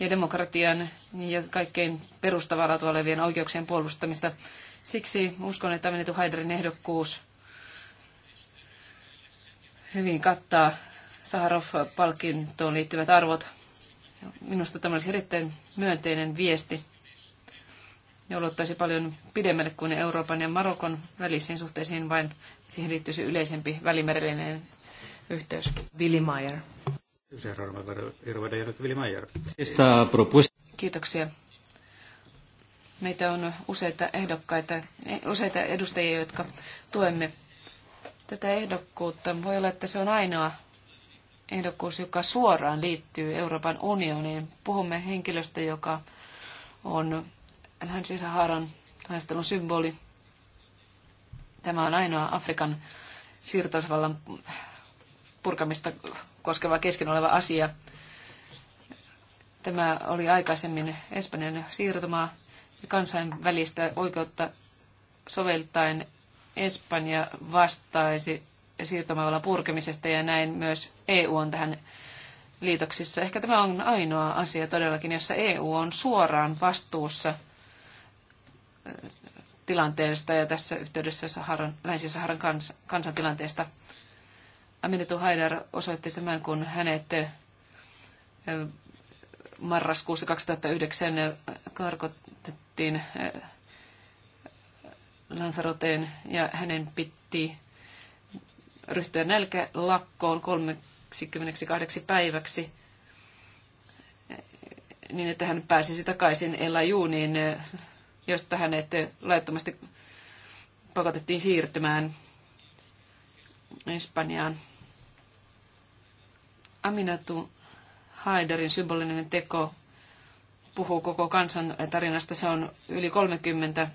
S2: ja demokratian ja kaikkein perustavanlaatu olevien oikeuksien puolustamista. Siksi uskon, että Aminetu Haiderin ehdokkuus hyvin kattaa Saharov-palkintoon liittyvät arvot. Minusta tämä olisi erittäin myönteinen viesti ja ulottaisi paljon pidemmälle kuin Euroopan ja Marokon välisiin suhteisiin, vain siihen liittyisi yleisempi välimerellinen yhteys. Willi Meyer. Kiitoksia. Meitä on useita ehdokkaita, useita edustajia, jotka tuemme tätä ehdokkuutta. Voi olla, että se on ainoa ehdokkuus, joka suoraan liittyy Euroopan unioniin. Puhumme henkilöstä, joka on Länsi-Saharan taistelun symboli. Tämä on ainoa Afrikan siirtoisvallan purkamista koskeva kesken oleva asia. Tämä oli aikaisemmin Espanjan siirtomaa ja kansainvälistä oikeutta soveltaen Espanja vastaisi siirtomaavalla purkemisesta ja näin myös EU on tähän liitoksissa. Ehkä tämä on ainoa asia todellakin, jossa EU on suoraan vastuussa eh, tilanteesta ja tässä yhteydessä Saharan, Länsi-Saharan kans, kansantilanteesta. Aminatu Haidar osoitti tämän, kun hänet marraskuussa 2009 karkotettiin Lansaroteen ja hänen piti ryhtyä nälkälakkoon 38 päiväksi niin, että hän pääsisi takaisin Elajuuniin, josta hänet laittomasti pakotettiin siirtymään Espanjaan. Aminatu Haiderin symbolinen teko puhuu koko kansan tarinasta. Se on yli 30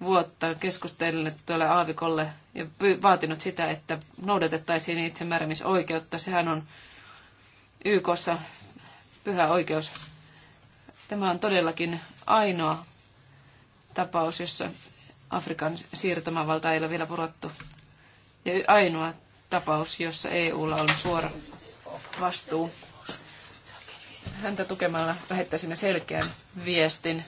S2: vuotta keskustellut tuolle aavikolle ja vaatinut sitä, että noudatettaisiin itsemääräämisoikeutta. Sehän on YKssa pyhä oikeus. Tämä on todellakin ainoa tapaus, jossa Afrikan siirtomavalta ei ole vielä purattu. Ja ainoa tapaus, jossa EUlla on suora vastuu. Häntä tukemalla lähettäisimme selkeän viestin.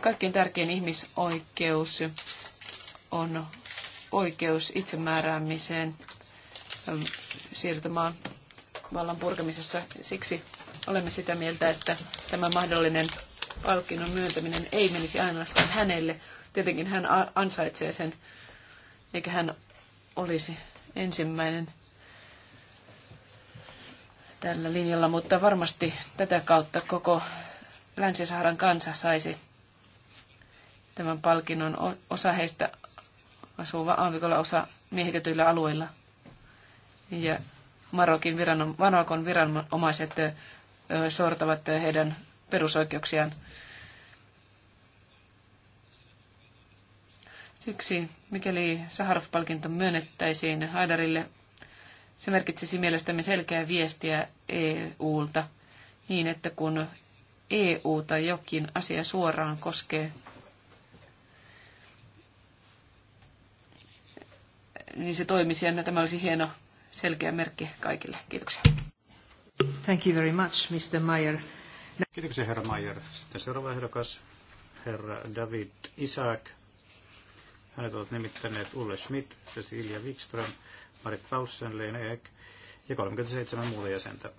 S2: Kaikkein tärkein ihmisoikeus on oikeus itsemääräämiseen ähm, siirtymään vallan purkamisessa. Siksi olemme sitä mieltä, että tämä mahdollinen palkinnon myöntäminen ei menisi ainoastaan hänelle. Tietenkin hän ansaitsee sen, eikä hän olisi ensimmäinen tällä linjalla, mutta varmasti tätä kautta koko Länsi-Saharan kansa saisi tämän palkinnon. Osa heistä asuu aavikolla, osa miehitetyillä alueilla. Ja Marokin viran, Marokon viranomaiset sortavat heidän perusoikeuksiaan Siksi, mikäli Saharov-palkinto myönnettäisiin Haidarille, se merkitsisi mielestämme selkeää viestiä EUlta niin, että kun EU tai jokin asia suoraan koskee, niin se toimisi ja tämä olisi hieno selkeä merkki kaikille. Kiitoksia.
S4: Thank you very much, Mr. Mayer. Kiitoksia, herra Mayer.
S3: Sitten seuraava ehdokas, herra David Isaac. Hänet ovat nimittäneet Ulle Schmidt, Cecilia Wikström, Marit Paulsen, Lene Eek ja 37 muuta jäsentä.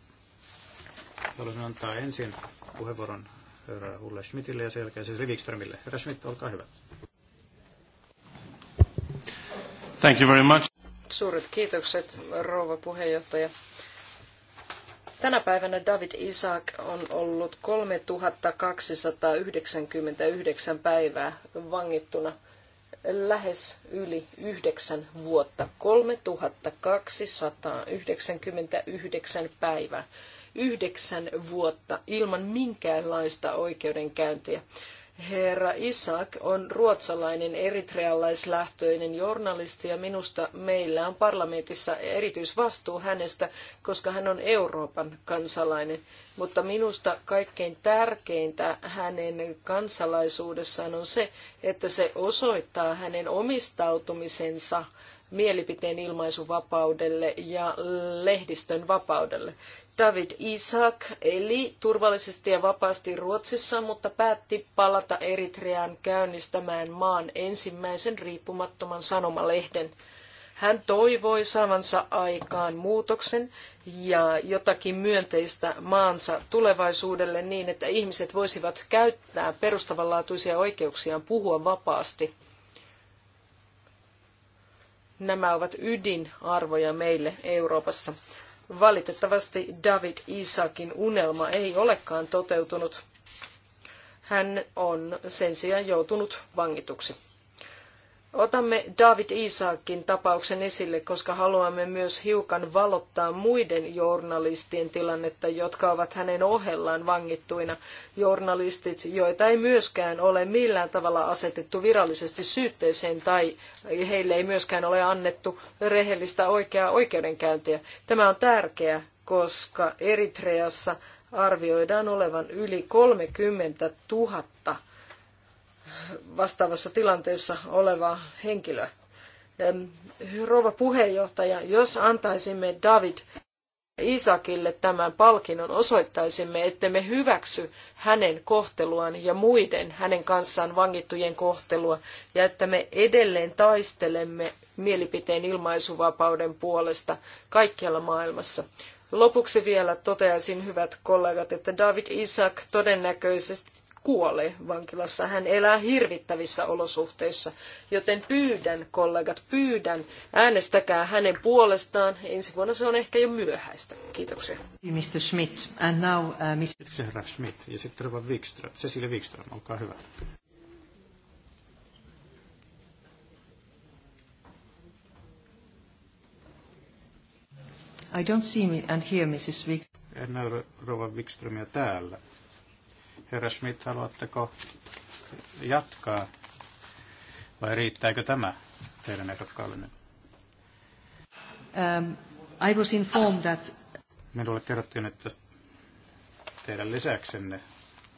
S3: Haluaisin antaa ensin puheenvuoron herra Ulle Schmidtille ja sen jälkeen siis Wikströmille. Herra Schmidt, olkaa hyvä. Thank you very much.
S4: Suuret kiitokset, rouva puheenjohtaja. Tänä päivänä David Isaac on ollut 3299 päivää vangittuna – lähes yli yhdeksän vuotta, 3299 päivää, yhdeksän vuotta ilman minkäänlaista oikeudenkäyntiä. Herra Isak on ruotsalainen eritrealaislähtöinen journalisti ja minusta meillä on parlamentissa erityisvastuu hänestä, koska hän on Euroopan kansalainen. Mutta minusta kaikkein tärkeintä hänen kansalaisuudessaan on se, että se osoittaa hänen omistautumisensa mielipiteen ilmaisuvapaudelle ja lehdistön vapaudelle. David Isaac eli turvallisesti ja vapaasti Ruotsissa, mutta päätti palata Eritreaan käynnistämään maan ensimmäisen riippumattoman sanomalehden. Hän toivoi saavansa aikaan muutoksen ja jotakin myönteistä maansa tulevaisuudelle niin, että ihmiset voisivat käyttää perustavanlaatuisia oikeuksiaan puhua vapaasti. Nämä ovat ydinarvoja meille Euroopassa. Valitettavasti David Isakin unelma ei olekaan toteutunut. Hän on sen sijaan joutunut vangituksi. Otamme David Isaakin tapauksen esille, koska haluamme myös hiukan valottaa muiden journalistien tilannetta, jotka ovat hänen ohellaan vangittuina. Journalistit, joita ei myöskään ole millään tavalla asetettu virallisesti syytteeseen tai heille ei myöskään ole annettu rehellistä oikeaa oikeudenkäyntiä. Tämä on tärkeää, koska Eritreassa arvioidaan olevan yli 30 000 vastaavassa tilanteessa olevaa henkilöä. Rouva puheenjohtaja, jos antaisimme David Isakille tämän palkinnon, osoittaisimme, että me hyväksy hänen kohteluaan ja muiden hänen kanssaan vangittujen kohtelua, ja että me edelleen taistelemme mielipiteen ilmaisuvapauden puolesta kaikkialla maailmassa. Lopuksi vielä toteaisin, hyvät kollegat, että David Isaak todennäköisesti Kuolee vankilassa. Hän elää hirvittävissä olosuhteissa, joten pyydän, kollegat, pyydän, äänestäkää hänen puolestaan. Ensi vuonna se on
S2: ehkä jo myöhäistä. Kiitoksia.
S3: Mr. Schmidt, and now, uh, Mr. Kiitoksia, herra Schmidt. Ja sitten Rova Wikström. Cecilia Wikström, olkaa hyvä.
S4: I don't see me and hear Mrs. Wik.
S3: En näy Rova Wikströmiä täällä. Herra Schmidt, haluatteko jatkaa vai riittääkö tämä teidän ehdokkaallenne?
S4: Um, I was
S2: informed that...
S3: Minulle kerrottiin, että teidän lisäksenne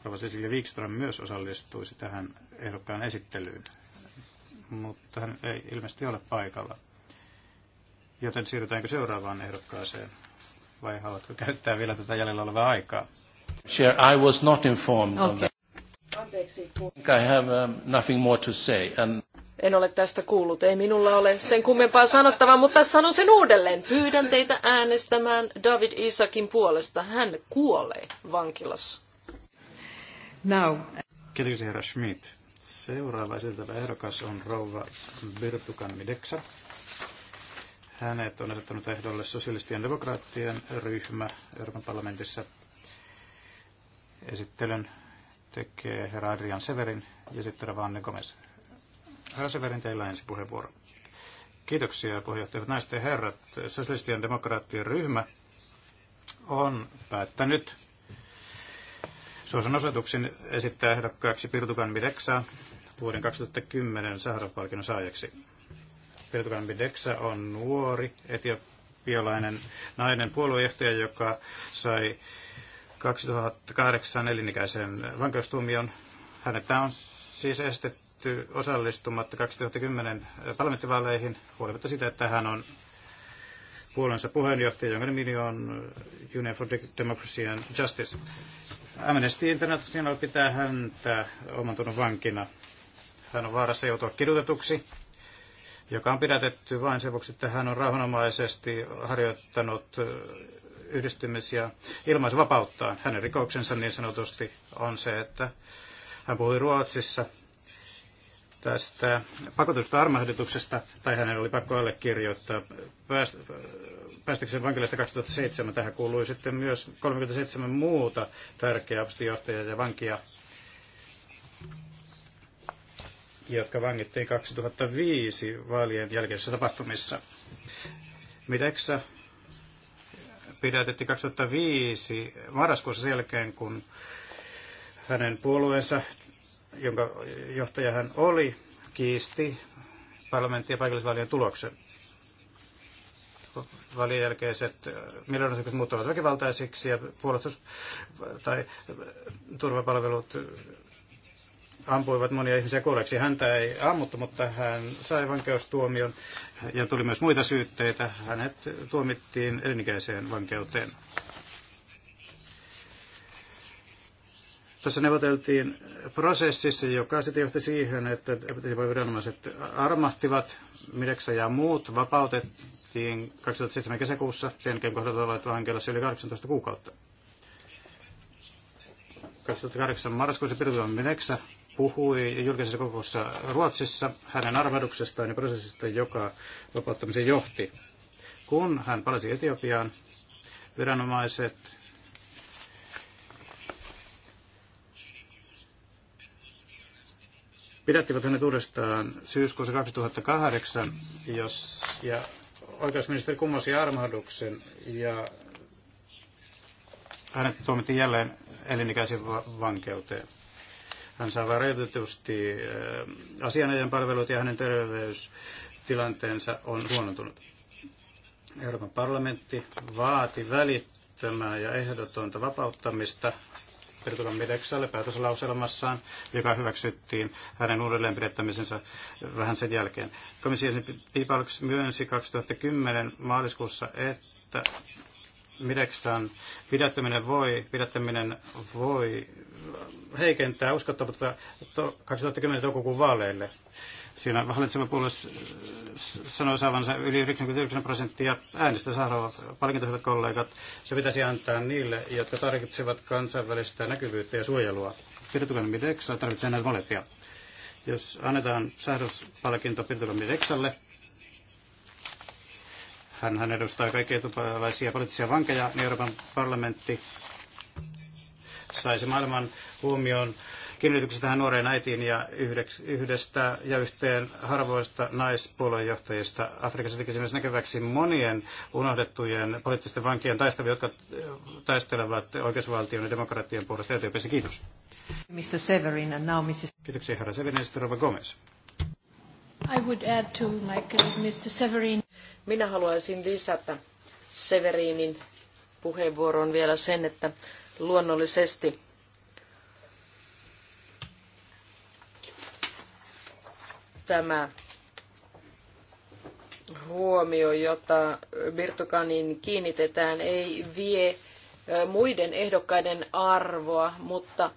S3: Rova Cecilia Wikström myös osallistuisi tähän ehdokkaan esittelyyn, mutta hän ei ilmeisesti ole paikalla. Joten siirrytäänkö seuraavaan ehdokkaaseen vai haluatko käyttää vielä tätä jäljellä olevaa aikaa? Chair, I was not informed okay. on that. Anteeksi. I have um, nothing more to say. And... En ole
S4: tästä kuullut. Ei minulla ole sen kummempaa sanottavaa, mutta sanon sen uudelleen. Pyydän teitä äänestämään David Isakin puolesta. Hän kuolee vankilassa.
S3: Now. Kiitos herra Schmidt. Seuraava esiteltävä ehdokas on rouva Birtukan Mideksa. Hänet on asettanut ehdolle sosialistien demokraattien ryhmä Euroopan parlamentissa Esittelyn tekee herra Adrian Severin ja sitten Vanne Gomez. Herra Severin, teillä ensi puheenvuoro. Kiitoksia puheenjohtajat naisten herrat. Sosialistien demokraattien ryhmä on päättänyt suosan osoituksen esittää ehdokkaaksi Pirtukan Mideksa vuoden 2010 Saharov-palkinnon saajaksi. Pirtukan Mideksa on nuori etiopialainen nainen puoluejohtaja, joka sai 2008 elinikäisen vankeustuomion. hänet on siis estetty osallistumatta 2010 parlamenttivaaleihin huolimatta siitä, että hän on puolensa puheenjohtaja, jonka nimi on Union for Democracy and Justice. Amnesty International pitää häntä omantunut vankina. Hän on vaarassa joutua kidutetuksi, joka on pidätetty vain sen vuoksi, että hän on rauhanomaisesti harjoittanut yhdistymis- ja ilmaisuvapauttaan. Hänen rikoksensa niin sanotusti on se, että hän puhui Ruotsissa tästä pakotusta armahdituksesta, tai hänen oli pakko allekirjoittaa päästäkseen vankilasta 2007. Tähän kuului sitten myös 37 muuta tärkeää opstijohtajaa ja vankia, jotka vangittiin 2005 vaalien jälkeisissä tapahtumissa. Mitäksä pidätettiin 2005 marraskuussa sen jälkeen, kun hänen puolueensa, jonka johtaja hän oli, kiisti parlamentti- ja paikallisvaalien tuloksen. Valien jälkeiset äh, mielenosoitukset muuttuvat väkivaltaisiksi ja puolustus- tai äh, turvapalvelut ampuivat monia ihmisiä kuoleksi. Häntä ei ammuttu, mutta hän sai vankeustuomion ja tuli myös muita syytteitä. Hänet tuomittiin elinikäiseen vankeuteen. Tässä neuvoteltiin prosessissa, joka sitten johti siihen, että viranomaiset armahtivat Mideksa ja muut vapautettiin 2007 kesäkuussa. Sen jälkeen kohdalla ovat vankilassa yli 18 kuukautta. 2008 marraskuussa Pirtuvan Mideksa puhui julkisessa kokouksessa Ruotsissa hänen armahduksestaan ja prosessista, joka vapauttamisen johti. Kun hän palasi Etiopiaan, viranomaiset pidättivät hänet uudestaan syyskuussa 2008, jos, ja oikeusministeri kummosi armahduksen ja hänet tuomittiin jälleen elinikäisen vankeuteen. Hän saa rajoitetusti eh, asianajan palvelut ja hänen terveystilanteensa on huonontunut. Euroopan parlamentti vaati välittömää ja ehdotonta vapauttamista Pertula Mideksalle päätöslauselmassaan, joka hyväksyttiin hänen uudelleenpidettämisensä vähän sen jälkeen. Komissio Pipalks myönsi 2010 maaliskuussa, että Mideksan pidättäminen voi, pidättäminen voi heikentää uskottavuutta 2010 toukokuun vaaleille. Siinä hallitsema puolueessa sanoi saavansa yli 99 prosenttia äänistä saadaan palkintoiset kollegat. Se pitäisi antaa niille, jotka tarvitsevat kansainvälistä näkyvyyttä ja suojelua. Pirtukan Mideksa tarvitsee näitä molempia. Jos annetaan sahdus Pirtukan Mideksalle, hän, hän edustaa kaikkia etupalaisia poliittisia vankeja, niin Euroopan parlamentti saisi maailman huomioon kiinnityksen tähän nuoreen äitiin ja yhdestä ja yhteen harvoista naispuoluejohtajista Afrikassa teki myös näkeväksi monien unohdettujen poliittisten vankien taisteluja, jotka eh, taistelevat oikeusvaltion ja demokratian puolesta Etiopiassa. Kiitos. Mr. Severin and now Mrs. Kiitoksia herra Severin ja Rova Gomez. I
S4: would add to my Mr. Severin. Minä haluaisin lisätä Severinin puheenvuoroon vielä sen, että luonnollisesti tämä huomio, jota Birtokanin kiinnitetään, ei vie muiden ehdokkaiden arvoa, mutta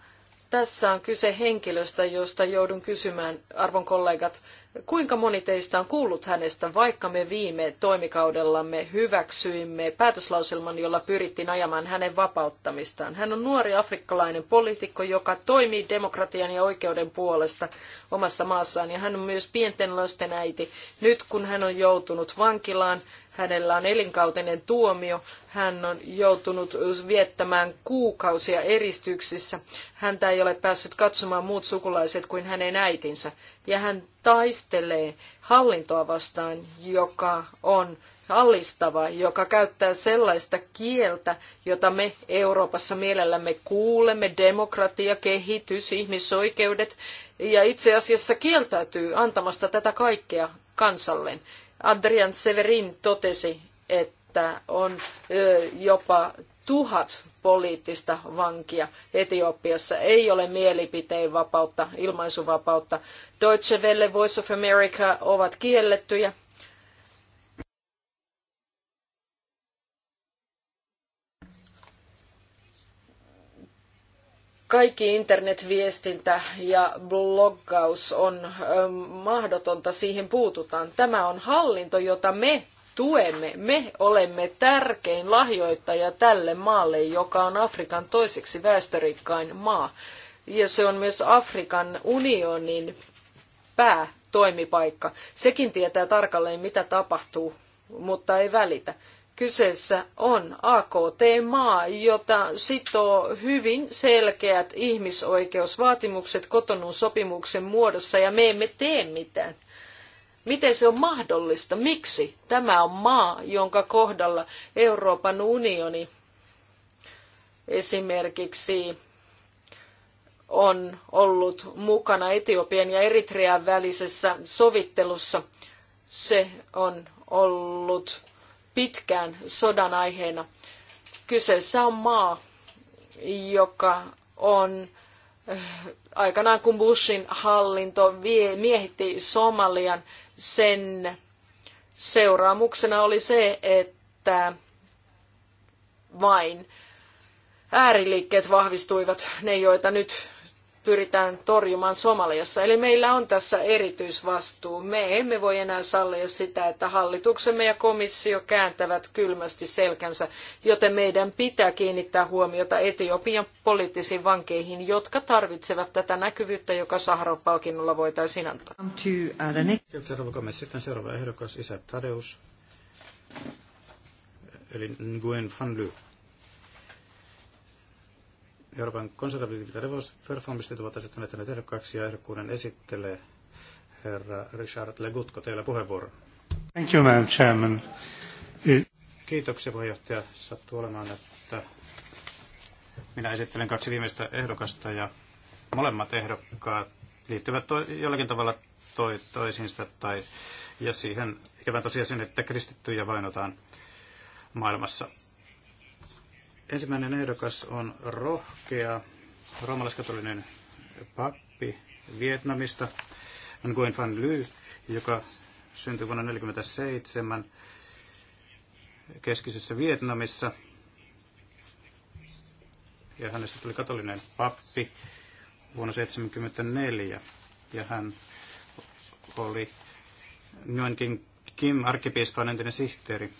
S4: tässä on kyse henkilöstä, josta joudun kysymään, arvon kollegat, Kuinka moni teistä on kuullut hänestä, vaikka me viime toimikaudellamme hyväksyimme päätöslauselman, jolla pyrittiin ajamaan hänen vapauttamistaan? Hän on nuori afrikkalainen poliitikko, joka toimii demokratian ja oikeuden puolesta omassa maassaan, ja hän on myös pienten lasten äiti. Nyt kun hän on joutunut vankilaan, Hänellä on elinkautinen tuomio. Hän on joutunut viettämään kuukausia eristyksissä. Häntä ei ole päässyt katsomaan muut sukulaiset kuin hänen äitinsä. Ja hän taistelee hallintoa vastaan, joka on hallistava, joka käyttää sellaista kieltä, jota me Euroopassa mielellämme kuulemme, demokratia, kehitys, ihmisoikeudet, ja itse asiassa kieltäytyy antamasta tätä kaikkea kansalleen. Adrian Severin totesi, että on jopa tuhat poliittista vankia Etiopiassa. Ei ole mielipiteen vapautta, ilmaisuvapautta. Deutsche Welle, Voice of America ovat kiellettyjä. kaikki internetviestintä ja bloggaus on mahdotonta, siihen puututaan. Tämä on hallinto, jota me tuemme. Me olemme tärkein lahjoittaja tälle maalle, joka on Afrikan toiseksi väestörikkain maa. Ja se on myös Afrikan unionin päätoimipaikka. Sekin tietää tarkalleen, mitä tapahtuu, mutta ei välitä. Kyseessä on AKT-maa, jota sitoo hyvin selkeät ihmisoikeusvaatimukset kotonun sopimuksen muodossa ja me emme tee mitään. Miten se on mahdollista? Miksi tämä on maa, jonka kohdalla Euroopan unioni esimerkiksi on ollut mukana Etiopian ja Eritrean välisessä sovittelussa. Se on ollut pitkään sodan aiheena. Kyseessä on maa, joka on eh, aikanaan kun Bushin hallinto vie, miehitti Somalian, sen seuraamuksena oli se, että vain ääriliikkeet vahvistuivat, ne joita nyt pyritään torjumaan Somaliassa. Eli meillä on tässä erityisvastuu. Me emme voi enää sallia sitä, että hallituksemme ja komissio kääntävät kylmästi selkänsä, joten meidän pitää kiinnittää huomiota Etiopian poliittisiin vankeihin, jotka tarvitsevat tätä näkyvyyttä, joka Saharov-palkinnolla voitaisiin antaa.
S3: Uh, Sitten seuraava ehdokas, Isä Tadeus, eli Nguyen Van Lyy. Euroopan konservatiivit ja reformistit ovat asettaneet hänet ehdokkaaksi ja ehdokkuuden esittelee herra Richard Legutko. Teillä puheenvuoro. Thank you, Madam Chairman. Kiitoksia puheenjohtaja. Sattuu olemaan, että minä esittelen kaksi viimeistä ehdokasta ja molemmat ehdokkaat liittyvät to- jollakin tavalla toi- toisiinsa tai, ja siihen ikävän tosiasian, että kristittyjä vainotaan maailmassa. Ensimmäinen ehdokas on rohkea roomalaiskatolinen pappi Vietnamista, Nguyen Van Ly, joka syntyi vuonna 1947 keskisessä Vietnamissa. Ja hänestä tuli katolinen pappi vuonna 1974. Ja hän oli Nguyen Kim, arkkipiispaan entinen sihteeri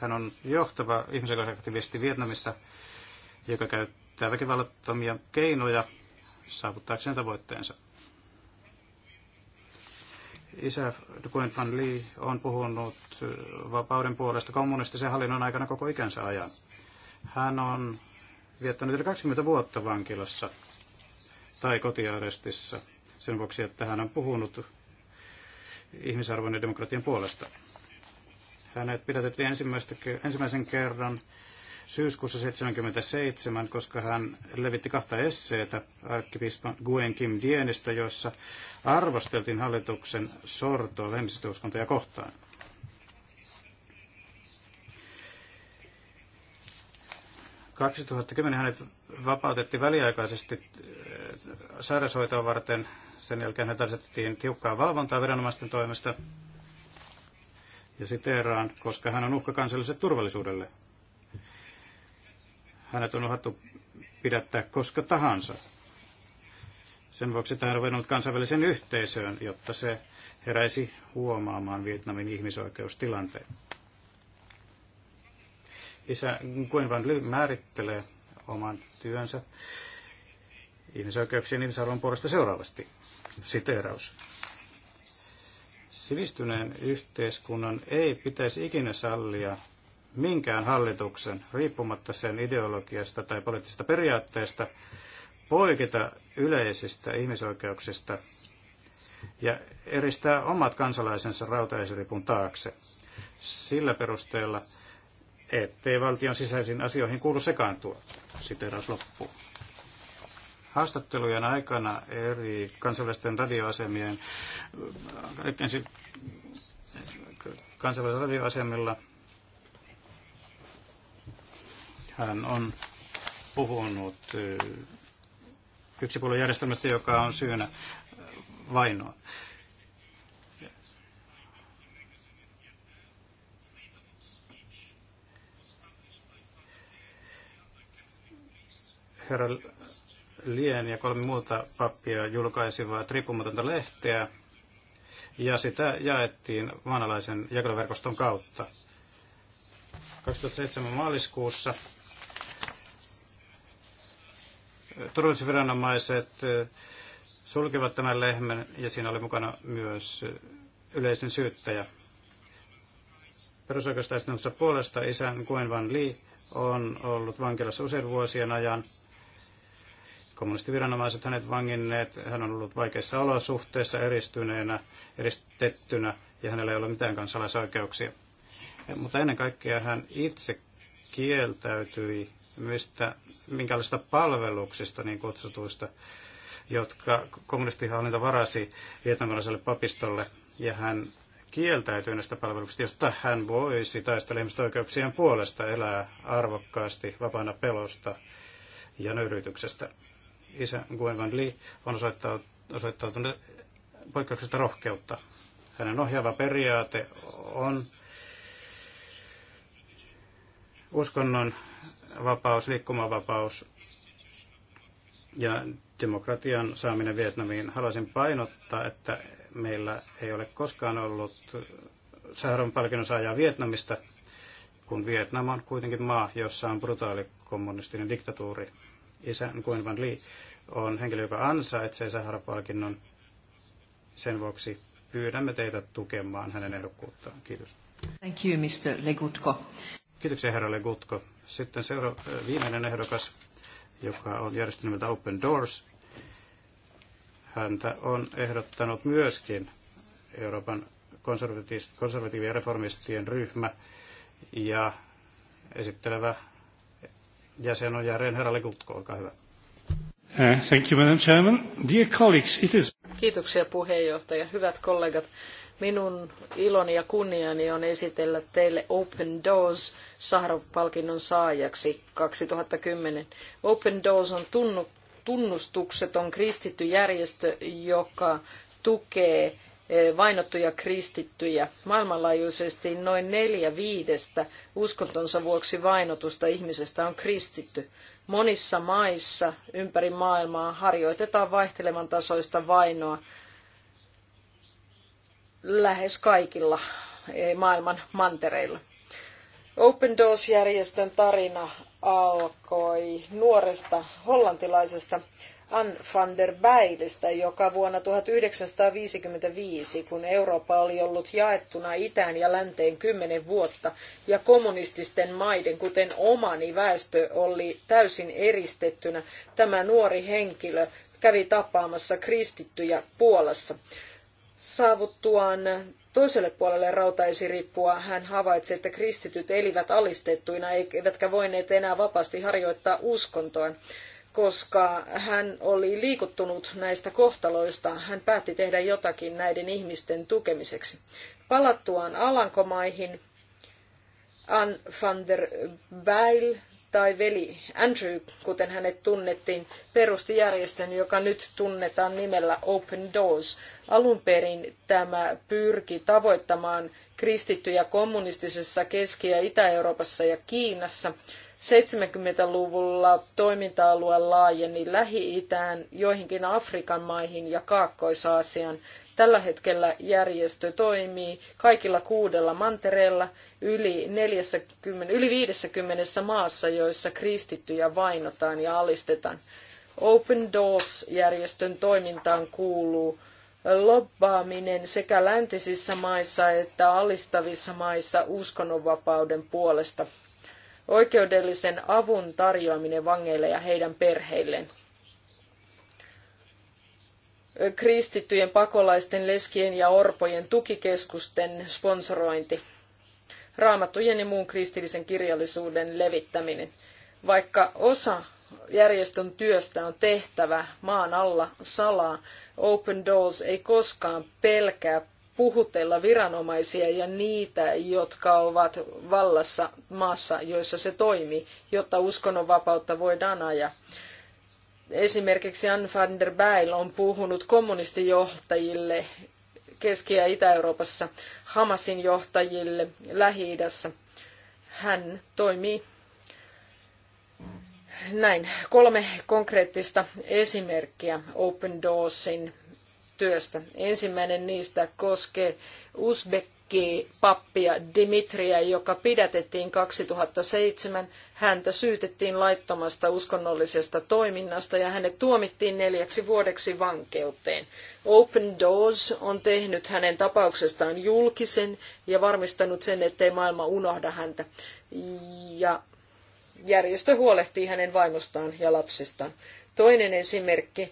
S3: hän on johtava ihmisoikeusaktivisti Vietnamissa, joka käyttää väkivallattomia keinoja saavuttaakseen tavoitteensa. Isä Duquen Van Lee on puhunut vapauden puolesta kommunistisen hallinnon aikana koko ikänsä ajan. Hän on viettänyt yli 20 vuotta vankilassa tai kotiarestissa sen vuoksi, että hän on puhunut ihmisarvon ja demokratian puolesta. Hänet pidätettiin ensimmäisen kerran syyskuussa 1977, koska hän levitti kahta esseetä arkkipiispa Guen Kim Dienistä, joissa arvosteltiin hallituksen sortoa vähemmistöuskontoja kohtaan. kymmenen hänet vapautettiin väliaikaisesti äh, sairaushoitoa varten. Sen jälkeen hänet asetettiin tiukkaa valvontaa viranomaisten toimesta ja siteeraan, koska hän on uhka kansalliselle turvallisuudelle. Hänet on uhattu pidättää koska tahansa. Sen vuoksi tämä on ruvennut kansainväliseen yhteisöön, jotta se heräisi huomaamaan Vietnamin ihmisoikeustilanteen. Isä Nguyen Van Ly määrittelee oman työnsä ihmisoikeuksien ihmisarvon puolesta seuraavasti. Siteeraus. Sivistyneen yhteiskunnan ei pitäisi ikinä sallia minkään hallituksen, riippumatta sen ideologiasta tai poliittisista periaatteista, poiketa yleisistä ihmisoikeuksista ja eristää omat kansalaisensa rautaisripun taakse sillä perusteella, ettei valtion sisäisiin asioihin kuulu sekaantua. Sitten loppuu haastattelujen aikana eri kansallisten radioasemien ensin kansainvälisillä radioasemilla hän on puhunut eh, yksipuolujärjestelmästä, joka on syynä vainoa. Herra Lien ja kolme muuta pappia julkaisivat riippumatonta lehteä, ja sitä jaettiin maanalaisen jakeluverkoston kautta. 2007 maaliskuussa turvallisuusviranomaiset sulkivat tämän lehmän ja siinä oli mukana myös yleisen syyttäjä. Perusoikeustaistelussa puolesta isän Kuen Van Li on ollut vankilassa usein vuosien ajan. Kommunistiviranomaiset hänet vanginneet, hän on ollut vaikeissa olosuhteissa eristyneenä, eristettynä ja hänellä ei ole mitään kansalaisoikeuksia. Mutta ennen kaikkea hän itse kieltäytyi mistä, minkälaista palveluksista niin kutsutuista, jotka kommunistihallinta varasi vietnamilaiselle papistolle. Ja hän kieltäytyy näistä palveluksista, josta hän voisi taistella ihmisoikeuksien puolesta elää arvokkaasti vapaana pelosta ja nöyryytyksestä isä Gwen Van Lee on osoittautunut poikkeuksesta rohkeutta. Hänen ohjaava periaate on uskonnon vapaus, liikkumavapaus ja demokratian saaminen Vietnamiin. Haluaisin painottaa, että meillä ei ole koskaan ollut Saharon palkinnon saajaa Vietnamista, kun Vietnam on kuitenkin maa, jossa on brutaali kommunistinen diktatuuri. Isä Nguyen Van Lee on henkilö, joka ansaitsee Sahara-palkinnon. Sen vuoksi pyydämme teitä tukemaan hänen ehdokkuuttaan. Kiitos. Thank you, Mr. Legutko. Kiitoksia, herra Legutko. Sitten seura- viimeinen ehdokas, joka on järjestänyt Open Doors. Häntä on ehdottanut myöskin Euroopan konservatiivien reformistien ryhmä ja esittelevä jäsen on Jaren herra Legutko, olkaa hyvä. Uh, thank you, Madam Chairman. Dear colleagues, it is...
S4: Kiitoksia puheenjohtaja. Hyvät kollegat, minun iloni ja kunniani on esitellä teille Open Doors Saharov-palkinnon saajaksi 2010. Open Doors on tunnu, tunnustukseton kristitty järjestö, joka tukee Eh, vainottuja kristittyjä. Maailmanlaajuisesti noin neljä viidestä uskontonsa vuoksi vainotusta ihmisestä on kristitty. Monissa maissa ympäri maailmaa harjoitetaan vaihtelevan tasoista vainoa lähes kaikilla eh, maailman mantereilla. Open Doors-järjestön tarina alkoi nuoresta hollantilaisesta Anne van der Beilistä, joka vuonna 1955, kun Eurooppa oli ollut jaettuna itään ja länteen kymmenen vuotta, ja kommunististen maiden, kuten omani väestö, oli täysin eristettynä, tämä nuori henkilö kävi tapaamassa kristittyjä Puolassa. Saavuttuaan toiselle puolelle rautaisirippua hän havaitsi, että kristityt elivät alistettuina eivätkä voineet enää vapaasti harjoittaa uskontoaan koska hän oli liikuttunut näistä kohtaloista. Hän päätti tehdä jotakin näiden ihmisten tukemiseksi. Palattuaan Alankomaihin, Anne van der Bijl tai veli Andrew, kuten hänet tunnettiin, perusti järjestön, joka nyt tunnetaan nimellä Open Doors. Alun perin tämä pyrki tavoittamaan kristittyjä kommunistisessa Keski- ja Itä-Euroopassa ja Kiinassa, 70-luvulla toiminta-alue laajeni Lähi-Itään, joihinkin Afrikan maihin ja Kaakkois-Aasian. Tällä hetkellä järjestö toimii kaikilla kuudella mantereella yli, 40, yli 50 maassa, joissa kristittyjä vainotaan ja alistetaan. Open Doors-järjestön toimintaan kuuluu lobbaaminen sekä läntisissä maissa että alistavissa maissa uskonnonvapauden puolesta oikeudellisen avun tarjoaminen vangeille ja heidän perheilleen. Kristittyjen pakolaisten, leskien ja orpojen tukikeskusten sponsorointi. Raamattujen ja muun kristillisen kirjallisuuden levittäminen. Vaikka osa järjestön työstä on tehtävä maan alla salaa, Open Doors ei koskaan pelkää puhutella viranomaisia ja niitä, jotka ovat vallassa maassa, joissa se toimii, jotta uskonnonvapautta voidaan ajaa. Esimerkiksi Anne van der Bijl on puhunut kommunistijohtajille Keski- ja Itä-Euroopassa, Hamasin johtajille Lähi-idässä. Hän toimii näin. Kolme konkreettista esimerkkiä Open Doorsin työstä. Ensimmäinen niistä koskee Uzbekki pappia Dimitriä, joka pidätettiin 2007. Häntä syytettiin laittomasta uskonnollisesta toiminnasta ja hänet tuomittiin neljäksi vuodeksi vankeuteen. Open Doors on tehnyt hänen tapauksestaan julkisen ja varmistanut sen, ettei maailma unohda häntä. Ja järjestö huolehtii hänen vaimostaan ja lapsistaan. Toinen esimerkki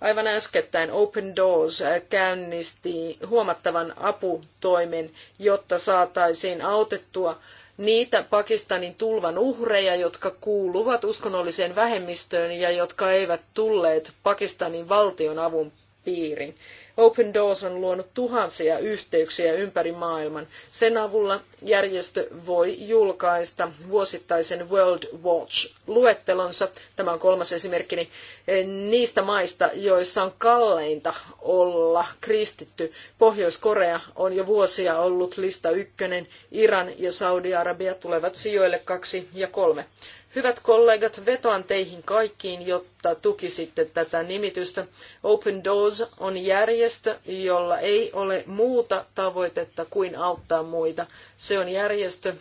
S4: Aivan äskettäin Open Doors käynnisti huomattavan aputoimen, jotta saataisiin autettua niitä Pakistanin tulvan uhreja, jotka kuuluvat uskonnolliseen vähemmistöön ja jotka eivät tulleet Pakistanin valtion avun piirin. Open Doors on luonut tuhansia yhteyksiä ympäri maailman. Sen avulla järjestö voi julkaista vuosittaisen World Watch-luettelonsa. Tämä on kolmas esimerkkini eh, niistä maista, joissa on kalleinta olla kristitty. Pohjois-Korea on jo vuosia ollut lista ykkönen, Iran ja Saudi-Arabia tulevat sijoille kaksi ja kolme. Hyvät kollegat, vetoan teihin kaikkiin, jotta tukisitte tätä nimitystä. Open Doors on järjestö, jolla ei ole muuta tavoitetta kuin auttaa muita. Se on järjestö,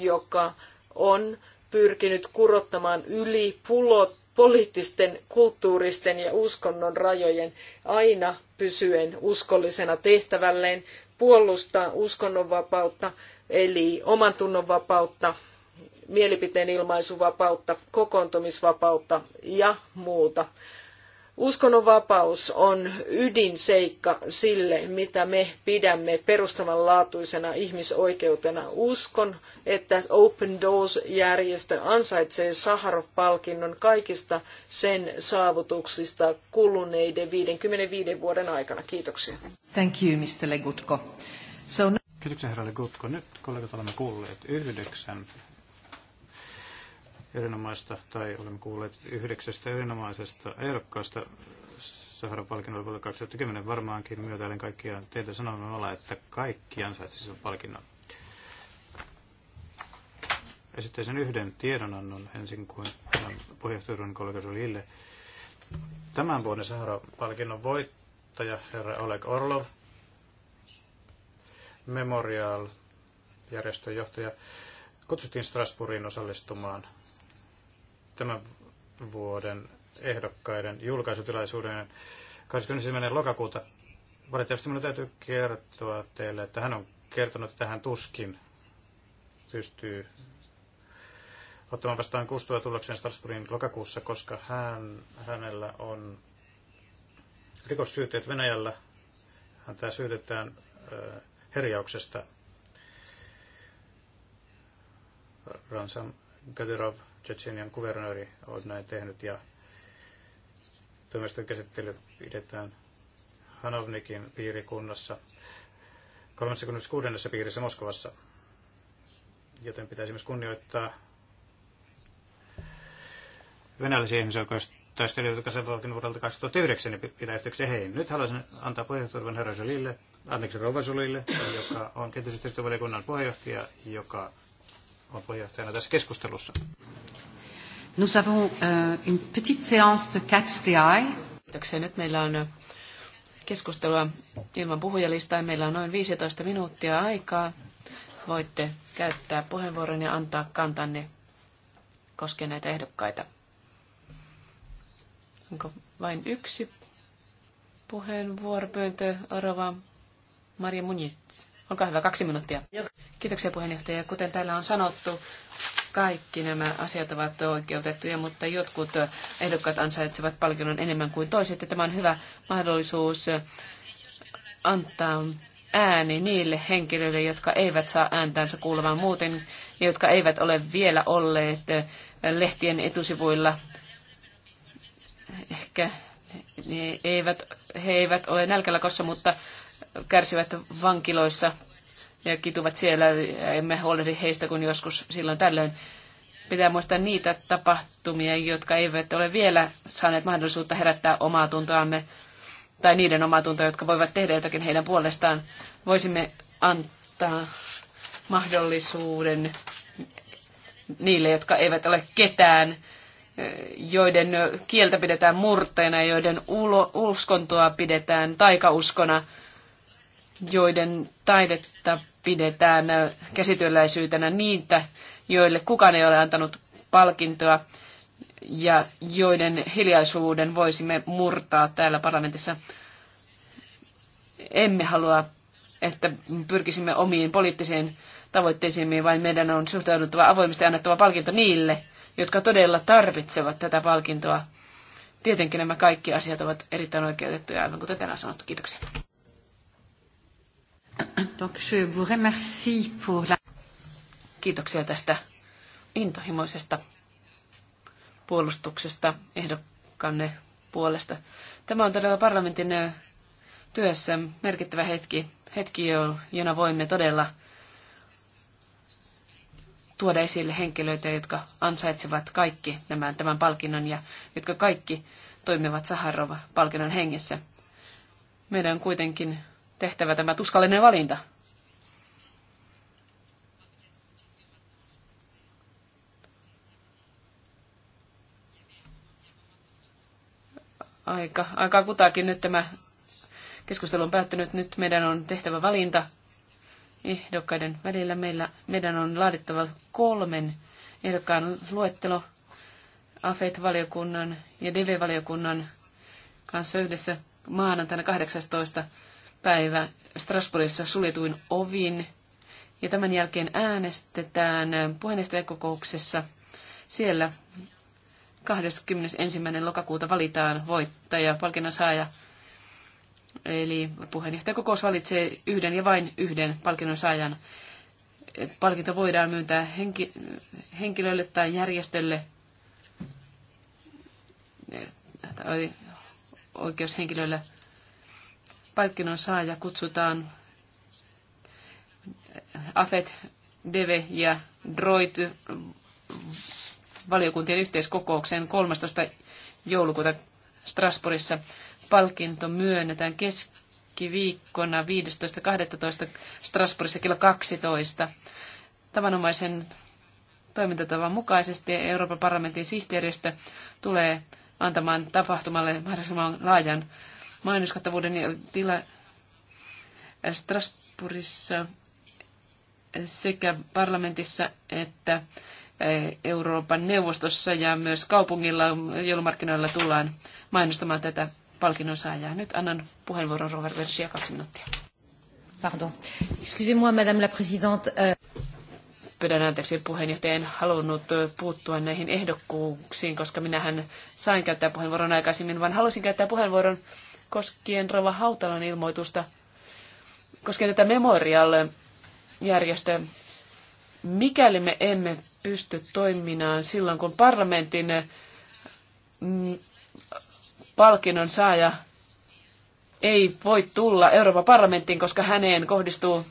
S4: joka on pyrkinyt kurottamaan yli pulot poliittisten, kulttuuristen ja uskonnon rajojen aina pysyen uskollisena tehtävälleen puolustaa uskonnonvapautta eli omantunnonvapautta mielipiteen ilmaisuvapautta, kokoontumisvapautta ja muuta. Uskonnonvapaus on ydinseikka sille, mitä me pidämme perustavanlaatuisena ihmisoikeutena. Uskon, että Open Doors-järjestö ansaitsee Saharov-palkinnon kaikista sen saavutuksista kuluneiden 55 vuoden aikana. Kiitoksia.
S3: Thank you, Mr. Legutko. So... Kiitoksia, herra Legutko. Nyt kollegat olemme kuulleet yhdeksän erinomaista, tai olemme kuulleet yhdeksästä erinomaisesta ehdokkaasta Saharan palkinnolla vuonna 2010. Varmaankin myötäilen kaikkia teitä olla, että kaikki ansaitsisivat palkinnon. Esittäisin yhden tiedonannon ensin kuin puheenjohtajuuden kollega Solille. Tämän vuoden Saharan palkinnon voittaja, herra Oleg Orlov, Memorial-järjestön johtaja, kutsuttiin Strasbourgiin osallistumaan tämän vuoden ehdokkaiden julkaisutilaisuuden 21. lokakuuta. Valitettavasti minun täytyy kertoa teille, että hän on kertonut, että hän tuskin pystyy ottamaan vastaan kustua tullakseen Strasbourgin lokakuussa, koska hän, hänellä on rikossyytteet Venäjällä. tämä syytetään herjauksesta. Ransam Kadirov Tsetsenian kuvernööri on näin tehnyt ja tuomioistuin käsittely pidetään Hanovnikin piirikunnassa 36. piirissä Moskovassa. Joten pitäisi myös kunnioittaa venäläisiä ihmisoikeustaistelijoita, jotka sen valkin vuodelta 2009 niin yhteyksiä heihin. Nyt haluaisin antaa puheenjohtajan herra Jolille, anteeksi Rouva joka on kehitysyhteistyövaliokunnan puheenjohtaja, joka on puheenjohtajana tässä keskustelussa.
S2: Nous avons euh, une petite séance de catch the eye. Nyt meillä on keskustelua ilman puhujalistaa. Meillä on noin 15 minuuttia aikaa. Voitte käyttää puheenvuoron ja antaa kantanne koskien näitä ehdokkaita. Onko vain yksi puheenvuoropyyntö? Orova Maria Munits. Onko hyvä, kaksi minuuttia. Joo, Kiitoksia puheenjohtaja. Kuten täällä on sanottu, kaikki nämä asiat ovat oikeutettuja, mutta jotkut ehdokkaat ansaitsevat palkinnon enemmän kuin toiset. Ja tämä on hyvä mahdollisuus antaa ääni niille henkilöille, jotka eivät saa ääntänsä kuulemaan muuten, ja jotka eivät ole vielä olleet lehtien etusivuilla. Ehkä he eivät, he eivät ole nälkälakossa, mutta kärsivät vankiloissa ja kituvat siellä. Emme huolehdi heistä kuin joskus silloin tällöin. Pitää muistaa niitä tapahtumia, jotka eivät ole vielä saaneet mahdollisuutta herättää omaa tuntoamme tai niiden omaa tuntoa, jotka voivat tehdä jotakin heidän puolestaan. Voisimme antaa mahdollisuuden niille, jotka eivät ole ketään, joiden kieltä pidetään murteena, joiden ulo, uskontoa pidetään taikauskona, joiden taidetta pidetään käsityöläisyytenä niitä, joille kukaan ei ole antanut palkintoa ja joiden hiljaisuuden voisimme murtaa täällä parlamentissa. Emme halua, että pyrkisimme omiin poliittisiin tavoitteisiimme, vaan meidän on suhtauduttava avoimesti annettava palkinto niille, jotka todella tarvitsevat tätä palkintoa. Tietenkin nämä kaikki asiat ovat erittäin oikeutettuja, aivan kuten tänään sanottu. Kiitoksia. Kiitoksia tästä intohimoisesta puolustuksesta ehdokkaanne puolesta. Tämä on todella parlamentin työssä merkittävä hetki, hetki jona voimme todella tuoda esille henkilöitä, jotka ansaitsevat kaikki tämän, tämän palkinnon ja jotka kaikki toimivat Saharova-palkinnon hengessä. Meidän on kuitenkin tehtävä tämä tuskallinen valinta. Aika, aika kutakin nyt tämä keskustelu on päättynyt. Nyt meidän on tehtävä valinta ehdokkaiden välillä. Meillä, meidän on laadittava kolmen ehdokkaan luettelo AFET-valiokunnan ja DV-valiokunnan kanssa yhdessä maanantaina 18 päivä Strasbourgissa suljetuin ovin. Ja tämän jälkeen äänestetään puheenjohtajakokouksessa. Siellä 21. lokakuuta valitaan voittaja, palkinnon saaja. Eli puheenjohtajakokous valitsee yhden ja vain yhden palkinnon saajan. Palkinto voidaan myöntää henki, henkilölle tai järjestölle oikeushenkilölle palkinnon saaja kutsutaan Afet, Deve ja Droit valiokuntien yhteiskokoukseen 13. joulukuuta Strasbourgissa. Palkinto myönnetään keskiviikkona 15.12. Strasbourgissa kello 12. Tavanomaisen toimintatavan mukaisesti Euroopan parlamentin sihteeristö tulee antamaan tapahtumalle mahdollisimman laajan mainoskattavuuden tila Strasbourgissa sekä parlamentissa että eh, Euroopan neuvostossa ja myös kaupungilla joulumarkkinoilla tullaan mainostamaan tätä palkinnon saajaa. Nyt annan puheenvuoron Robert Versia kaksi minuuttia. Pardon. Excusez-moi, Madame la Présidente. Euh- Pyydän anteeksi puheenjohtaja, en halunnut puuttua näihin ehdokkuuksiin, koska minähän sain käyttää puheenvuoron aikaisemmin, vaan halusin käyttää puheenvuoron koskien Rova Hautalan ilmoitusta, koskien tätä Memorial-järjestöä. Mikäli me emme pysty toimimaan silloin, kun parlamentin mm, palkinnon saaja ei voi tulla Euroopan parlamenttiin, koska häneen kohdistuu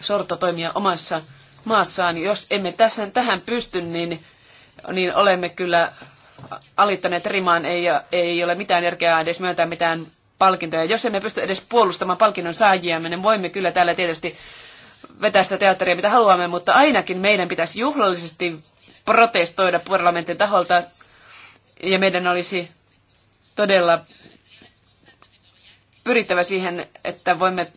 S2: sortotoimia omassa maassaan. Jos emme tässä, tähän pysty, niin, niin olemme kyllä alittaneet rimaan, ei, ei ole mitään järkeä edes myöntää mitään palkintoja. Jos emme pysty edes puolustamaan palkinnon saajia, niin voimme kyllä täällä tietysti vetää sitä teatteria, mitä haluamme, mutta ainakin meidän pitäisi juhlallisesti protestoida parlamentin taholta, ja meidän olisi todella pyrittävä siihen, että voimme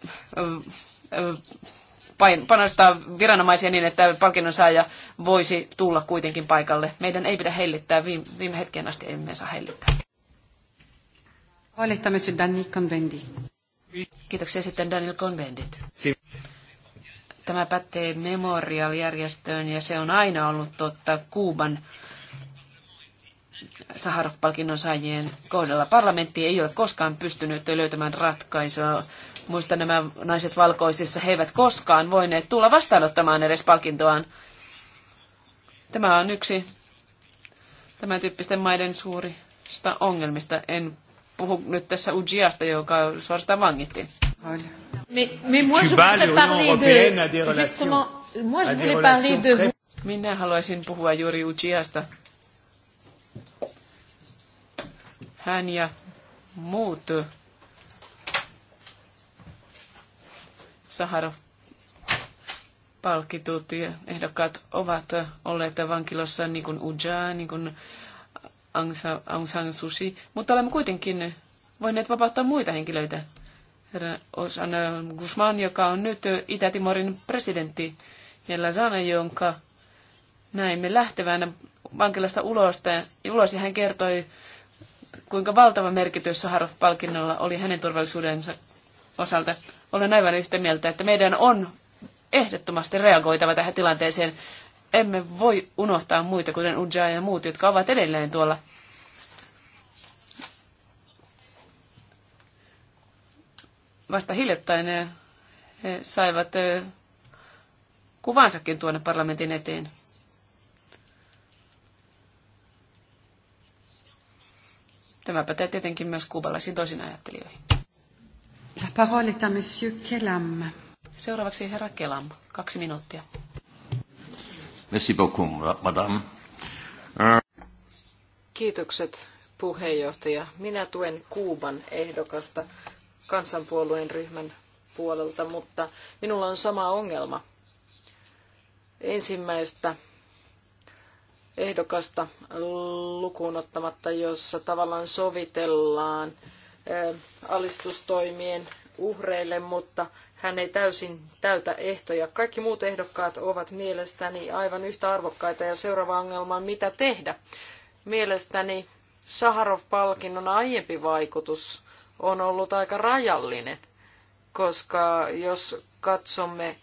S2: Pain panostaa viranomaisia niin, että palkinnon saaja voisi tulla kuitenkin paikalle. Meidän ei pidä hellittää, viime, viime hetken asti emme saa hellittää. Daniel Kiitoksia sitten Daniel Convendit. Tämä pätee Memorial-järjestöön ja se on aina ollut totta Kuuban Saharov-palkinnon saajien kohdalla. Parlamentti ei ole koskaan pystynyt löytämään ratkaisua Muista nämä naiset valkoisissa, he eivät koskaan voineet tulla vastaanottamaan edes palkintoaan. Tämä on yksi tämän tyyppisten maiden suurista ongelmista. En puhu nyt tässä Ujiasta, joka suorastaan vangittiin. Minä haluaisin puhua juuri Ujiasta. Hän ja muut Saharov-palkitut ehdokkaat ovat olleet vankilossa niin kuin Uja, niin kuin Aung San Suu Kyi, mutta olemme kuitenkin voineet vapauttaa muita henkilöitä. Osan Guzman, joka on nyt Itä-Timorin presidentti, ja Lazana, jonka näimme lähtevänä vankilasta ulos, ulos ja hän kertoi, kuinka valtava merkitys Saharov-palkinnolla oli hänen turvallisuudensa osalta. Olen aivan yhtä mieltä, että meidän on ehdottomasti reagoitava tähän tilanteeseen. Emme voi unohtaa muita, kuten Ujjaa ja muut, jotka ovat edelleen tuolla. Vasta hiljattain eh, he saivat eh, kuvansakin tuonne parlamentin eteen. Tämä pätee tietenkin myös kuubalaisiin toisin ajattelijoihin.
S3: La parole est monsieur
S2: Kelam. Seuraavaksi herra Kelam, kaksi minuuttia.
S1: Merci
S4: beaucoup, madame.
S2: Kiitokset, puheenjohtaja.
S4: Minä tuen Kuuban ehdokasta kansanpuolueen ryhmän puolelta, mutta minulla on sama ongelma. Ensimmäistä ehdokasta lukuun ottamatta, jossa tavallaan sovitellaan alistustoimien uhreille, mutta hän ei täysin täytä ehtoja. Kaikki muut ehdokkaat ovat mielestäni aivan yhtä arvokkaita ja seuraava ongelma on mitä tehdä. Mielestäni Saharov-palkinnon aiempi vaikutus on ollut aika rajallinen, koska jos katsomme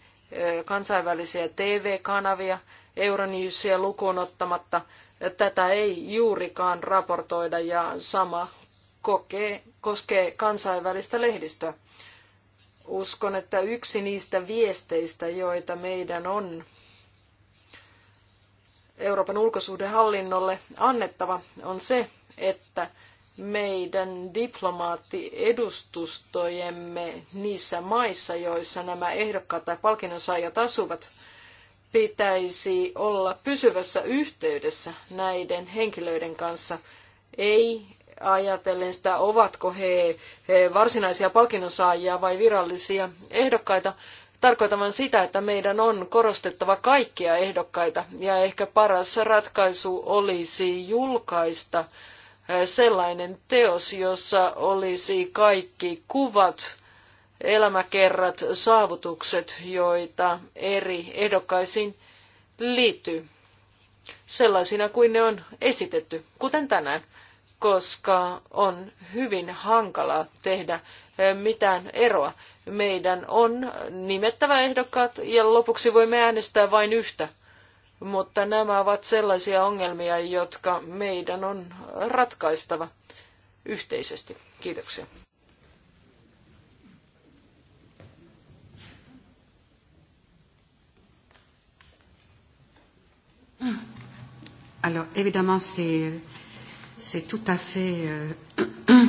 S4: kansainvälisiä TV-kanavia, Euronewsia lukuun ottamatta, tätä ei juurikaan raportoida ja sama kokee, koskee kansainvälistä lehdistöä. Uskon, että yksi niistä viesteistä, joita meidän on Euroopan ulkosuhdehallinnolle annettava, on se, että meidän diplomaattiedustustojemme niissä maissa, joissa nämä ehdokkaat tai palkinnonsaajat asuvat, pitäisi olla pysyvässä yhteydessä näiden henkilöiden kanssa, ei ajatellen sitä, ovatko he, he varsinaisia palkinnonsaajia vai virallisia ehdokkaita. Tarkoitan vain sitä, että meidän on korostettava kaikkia ehdokkaita ja ehkä paras ratkaisu olisi julkaista eh, sellainen teos, jossa olisi kaikki kuvat, elämäkerrat, saavutukset, joita eri ehdokkaisiin liittyy sellaisina kuin ne on esitetty, kuten tänään koska on hyvin hankalaa tehdä eh, mitään eroa. Meidän on nimettävä ehdokkaat ja lopuksi voimme äänestää vain yhtä. Mutta nämä ovat sellaisia ongelmia, jotka meidän on ratkaistava
S2: yhteisesti. Kiitoksia. Alors, évidemment, c'est C'est tout à fait euh,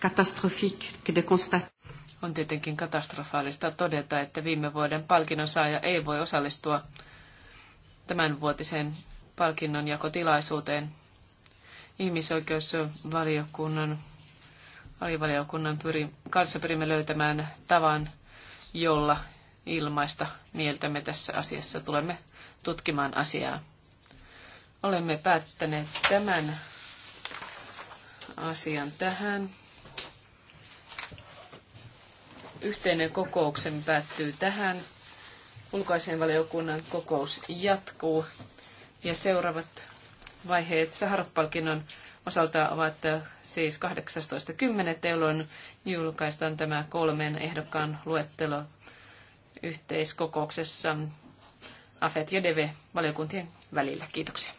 S2: catastrophique de constater. On tietenkin katastrofaalista todeta, että viime vuoden palkinnon saaja ei voi osallistua tämän vuotiseen palkinnonjakotilaisuuteen. Ihmisoikeusvaliokunnan alivaliokunnan pyrin, kanssa pyrimme löytämään tavan, jolla ilmaista mieltämme tässä asiassa. Tulemme tutkimaan asiaa. Olemme päättäneet tämän asian tähän. Yhteinen kokouksen päättyy tähän. valiokunnan kokous jatkuu ja seuraavat vaiheet saharat palkinnon osalta ovat äh, siis 18.10. jolloin julkaistaan tämä kolmen ehdokkaan luettelo yhteiskokouksessa AFET ja DEVE valiokuntien välillä. Kiitoksia.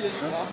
S4: Huh?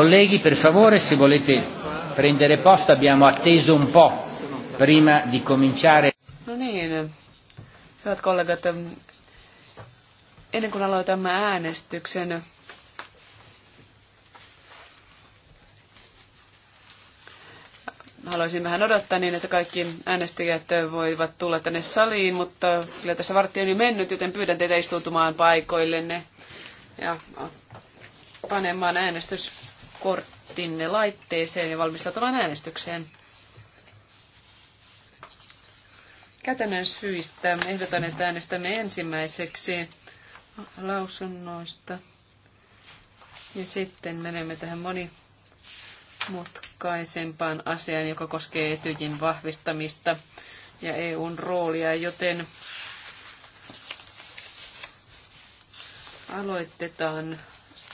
S1: Colleghi, per favore, se volete prendere posto, abbiamo atteso un po' prima di cominciare.
S2: No niin, hyvät kollegat, ennen kuin aloitamme äänestyksen, haluaisin vähän odottaa niin, että kaikki äänestäjät voivat tulla tänne saliin, mutta kyllä tässä vartti on jo mennyt, joten pyydän teitä istuutumaan paikoillenne ja panemaan äänestys korttinne laitteeseen ja valmistautumaan äänestykseen. Käytännön syistä ehdotan, että äänestämme ensimmäiseksi lausunnoista. Ja sitten menemme tähän monimutkaisempaan asiaan, joka koskee etyjin vahvistamista ja EUn roolia, joten aloitetaan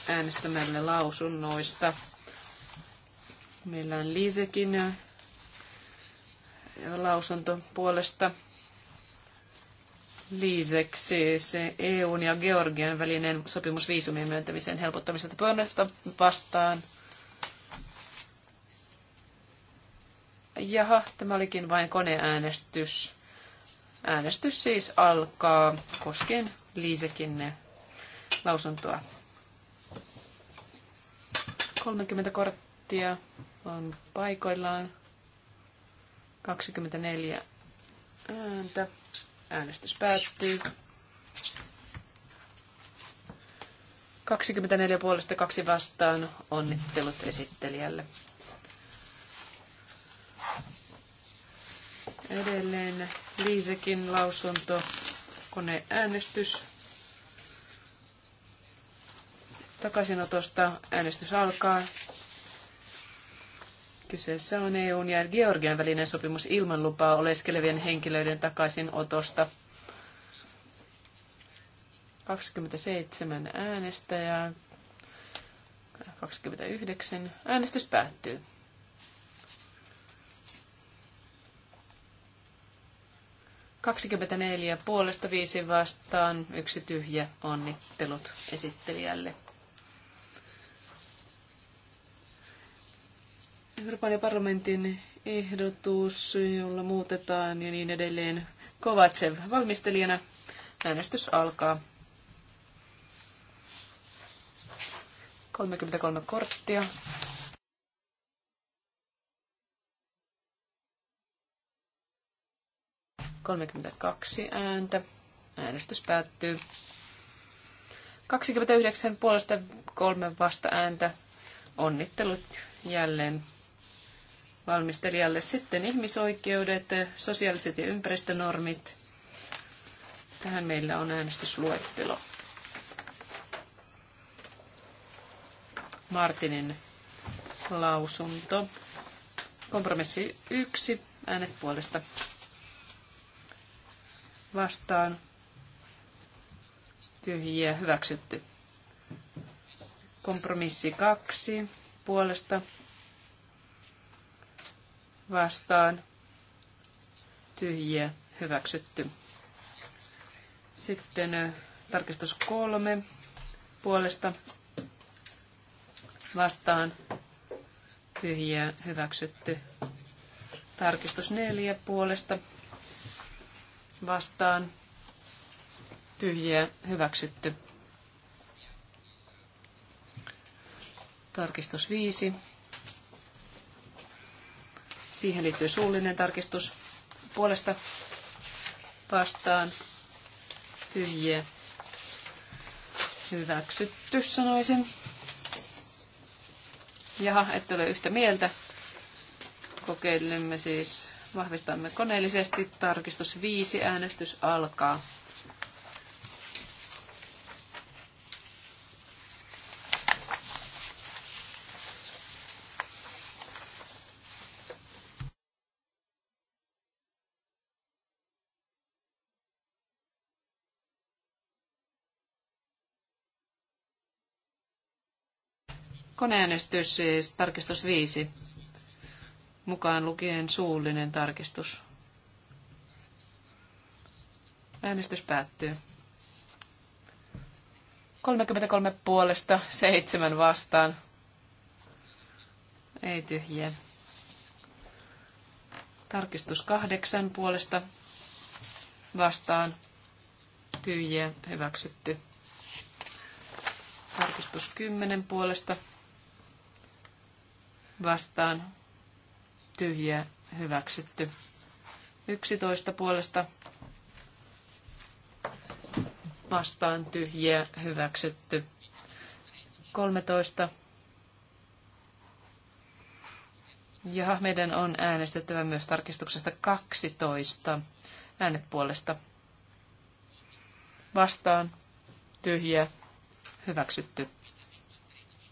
S2: äänestämällä lausunnoista. Meillä on Liisekin äh, lausunto puolesta. liiseksi siis se EUn ja Georgian välinen sopimus viisumien myöntämiseen helpottamisesta pönnöstä vastaan. Jaha, tämä olikin vain koneäänestys. Äänestys siis alkaa koskien Liisekin lausuntoa. 30 korttia on paikoillaan. 24 ääntä. Äänestys päättyy. 24 puolesta kaksi vastaan. Onnittelut esittelijälle. Edelleen Liisekin lausunto, koneäänestys. Takaisinotosta äänestys alkaa. Kyseessä on EUn ja Georgian välinen sopimus ilman lupaa oleskelevien henkilöiden takaisinotosta. 27 äänestäjää, 29. Äänestys päättyy. Kaksikymmentäneljä puolesta viisi vastaan, yksi tyhjä, onnittelut esittelijälle. Euroopan parlamentin ehdotus, jolla muutetaan ja niin edelleen. Kovacev valmistelijana. Äänestys alkaa. 33 korttia. Kolmekymmentäkaksi ääntä. Äänestys päättyy. 29 puolesta kolme vasta ääntä. Onnittelut jälleen valmistelijalle. Sitten ihmisoikeudet, sosiaaliset ja ympäristönormit. Tähän meillä on äänestysluettelo. Martinin lausunto. Kompromissi yksi, äänet puolesta vastaan. Tyhjiä hyväksytty. Kompromissi kaksi puolesta vastaan tyhjiä hyväksytty. Sitten tarkistus kolme puolesta vastaan tyhjiä hyväksytty. Tarkistus neljä puolesta vastaan tyhjiä hyväksytty. Tarkistus viisi Siihen liittyy suullinen tarkistus puolesta vastaan tyhjiä. Hyväksytty, sanoisin. Jaha, ette ole yhtä mieltä. Kokeilemme siis, vahvistamme koneellisesti. Tarkistus 5, äänestys alkaa. Koneäänestys siis tarkistus 5, mukaan lukien suullinen tarkistus. Äänestys päättyy. 33 puolesta, 7 vastaan. Ei tyhjiä. Tarkistus 8 puolesta vastaan. Tyhjiä hyväksytty. Tarkistus 10 puolesta vastaan tyhjiä hyväksytty. 11 puolesta vastaan tyhjiä hyväksytty. 13 ja meidän on äänestettävä myös tarkistuksesta 12. Äänet puolesta. Vastaan. Tyhjä. Hyväksytty.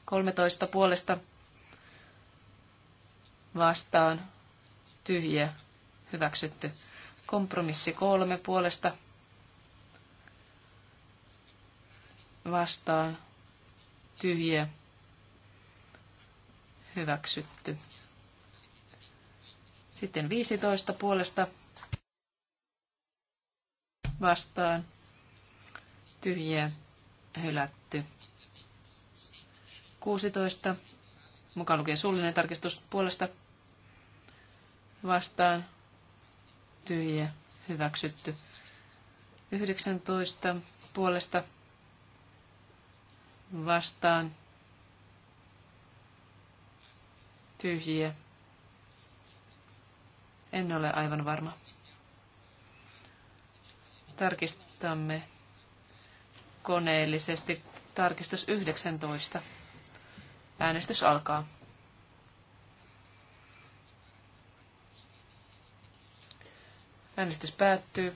S2: 13 puolesta vastaan tyhjä hyväksytty. Kompromissi kolme puolesta vastaan tyhjä hyväksytty. Sitten 15 puolesta vastaan tyhjä hylätty. 16 mukaan lukien suullinen tarkistus puolesta vastaan tyhjiä hyväksytty. 19 puolesta vastaan tyhjiä. En ole aivan varma. Tarkistamme koneellisesti tarkistus 19. Äänestys alkaa. Äänestys päättyy.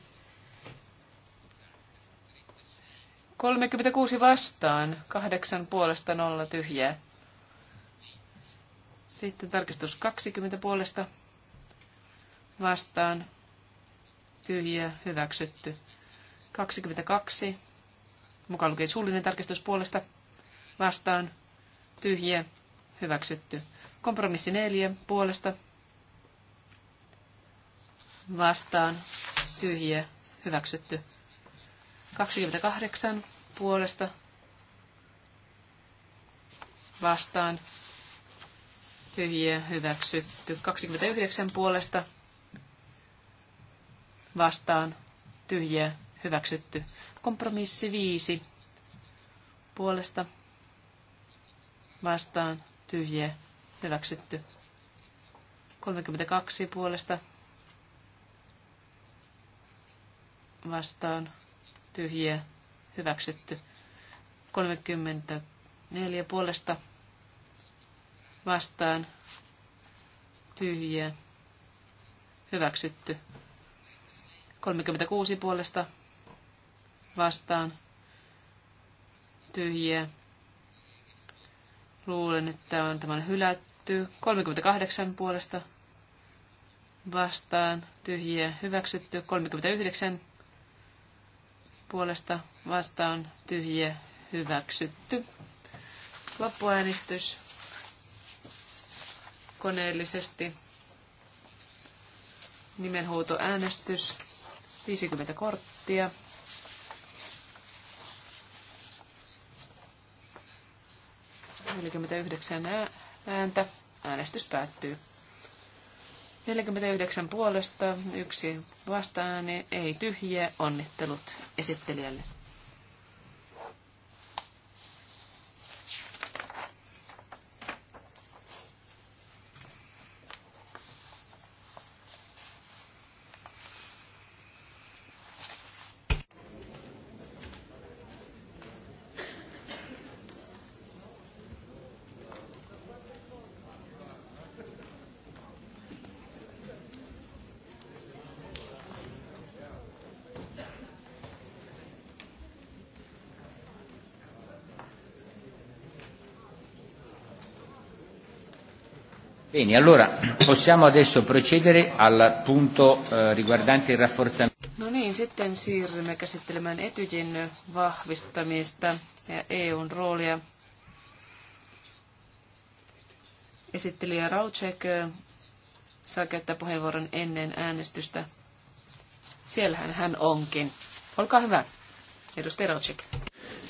S2: 36 vastaan, 8 puolesta, 0 tyhjää. Sitten tarkistus 20 puolesta vastaan, tyhjä, hyväksytty. 22, mukaan lukee suullinen tarkistus puolesta vastaan, tyhjä, hyväksytty. Kompromissi 4 puolesta vastaan tyhjiä hyväksytty. 28 puolesta vastaan tyhjiä hyväksytty. 29 puolesta vastaan tyhjiä hyväksytty. Kompromissi 5 puolesta vastaan tyhjiä hyväksytty. 32 puolesta vastaan tyhjiä hyväksytty. 34 puolesta vastaan tyhjiä hyväksytty. 36 puolesta vastaan tyhjiä. Luulen, että on tämän hylätty. 38 puolesta vastaan tyhjiä hyväksytty. 39 puolesta vastaan tyhjiä hyväksytty. Loppuäänestys koneellisesti. Nimenhuutoäänestys. 50 korttia. Neljäkymmentäyhdeksän ääntä. Äänestys päättyy. 49 puolesta, yksi vastaan, ei tyhjiä. Onnittelut esittelijälle.
S1: Bene, allora possiamo adesso procedere al punto eh, riguardante il rafforzamento.
S2: No niin, sitten siirrymme käsittelemään Etyjin vahvistamista ja EUn roolia. Esittelijä Raucek eh, saa käyttää puheenvuoron ennen äänestystä. Siellähän hän onkin. Olkaa hyvä, edustaja Raucek.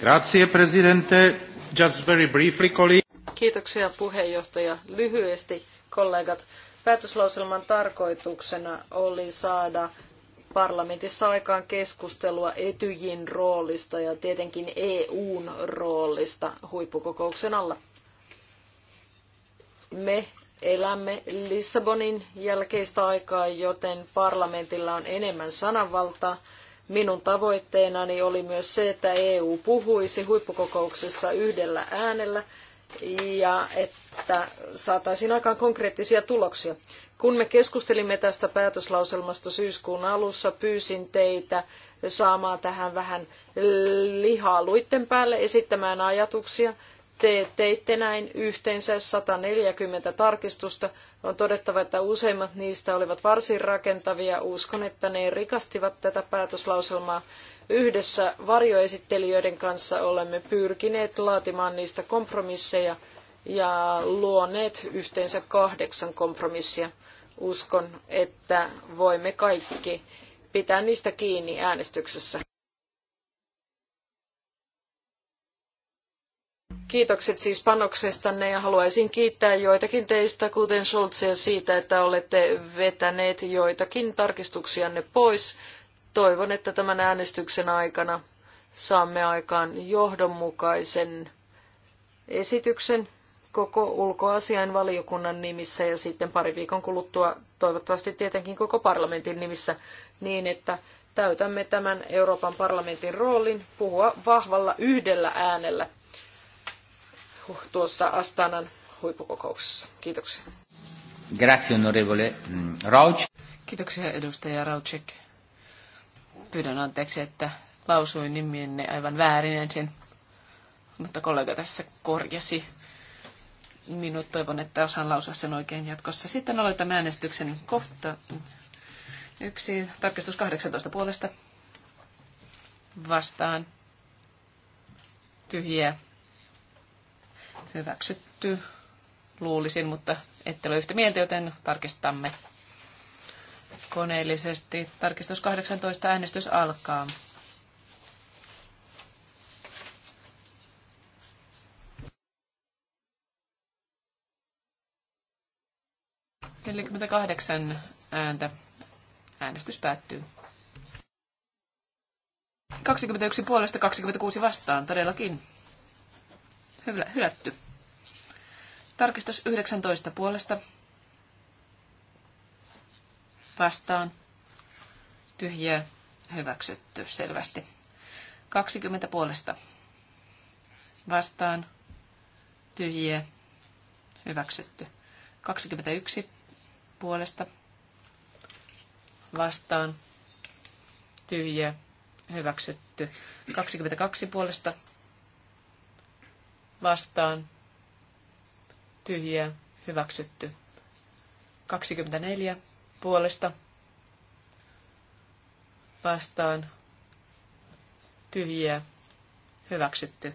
S3: Grazie, presidente. Just very briefly, colleague.
S4: Kiitoksia puheenjohtaja. Lyhyesti kollegat, päätöslauselman tarkoituksena oli saada parlamentissa aikaan keskustelua Etyjin roolista ja tietenkin EUn roolista huippukokouksen alla. Me elämme Lissabonin jälkeistä aikaa, joten parlamentilla on enemmän sananvaltaa. Minun tavoitteenani oli myös se, että EU puhuisi huippukokouksessa yhdellä äänellä ja että että saataisiin aikaan konkreettisia tuloksia. Kun me keskustelimme tästä päätöslauselmasta syyskuun alussa, pyysin teitä saamaan tähän vähän lihaa luitten päälle esittämään ajatuksia. Te teitte näin yhteensä 140 tarkistusta. On todettava, että useimmat niistä olivat varsin rakentavia. Uskon, että ne rikastivat tätä päätöslauselmaa. Yhdessä varjoesittelijöiden kanssa olemme pyrkineet laatimaan niistä kompromisseja – ja luoneet yhteensä kahdeksan kompromissia. Uskon, että voimme kaikki pitää niistä kiinni äänestyksessä. Kiitokset siis panoksestanne ja haluaisin kiittää joitakin teistä, kuten Scholzia, siitä, että olette vetäneet joitakin tarkistuksianne pois. Toivon, että tämän äänestyksen aikana saamme aikaan johdonmukaisen esityksen koko ulkoasian valiokunnan nimissä ja sitten pari viikon kuluttua toivottavasti tietenkin koko parlamentin nimissä niin, että täytämme tämän Euroopan parlamentin roolin puhua vahvalla yhdellä äänellä tuossa Astanan huippukokouksessa. Kiitoksia.
S1: Grazie onorevole mm, Rauch.
S2: Kiitoksia edustaja Rauchek. Pyydän anteeksi, että lausuin nimienne aivan väärin ensin, mutta kollega tässä korjasi minut toivon, että osaan lausua sen oikein jatkossa. Sitten aloitamme äänestyksen kohta. Yksi tarkistus 18 puolesta vastaan. Tyhjiä. Hyväksytty. Luulisin, mutta ette ole yhtä mieltä, joten tarkistamme koneellisesti. Tarkistus 18. Äänestys alkaa. 48 ääntä. Äänestys päättyy. 21 puolesta 26 vastaan, todellakin. Hyvä, hylätty. Tarkistus 19 puolesta. Vastaan. Tyhjää. Hyväksytty selvästi. 20 puolesta. Vastaan. Tyhjää. Hyväksytty. 21 puolesta vastaan tyhjä hyväksytty. 22 puolesta vastaan tyhjä hyväksytty. 24 puolesta vastaan tyhjä hyväksytty.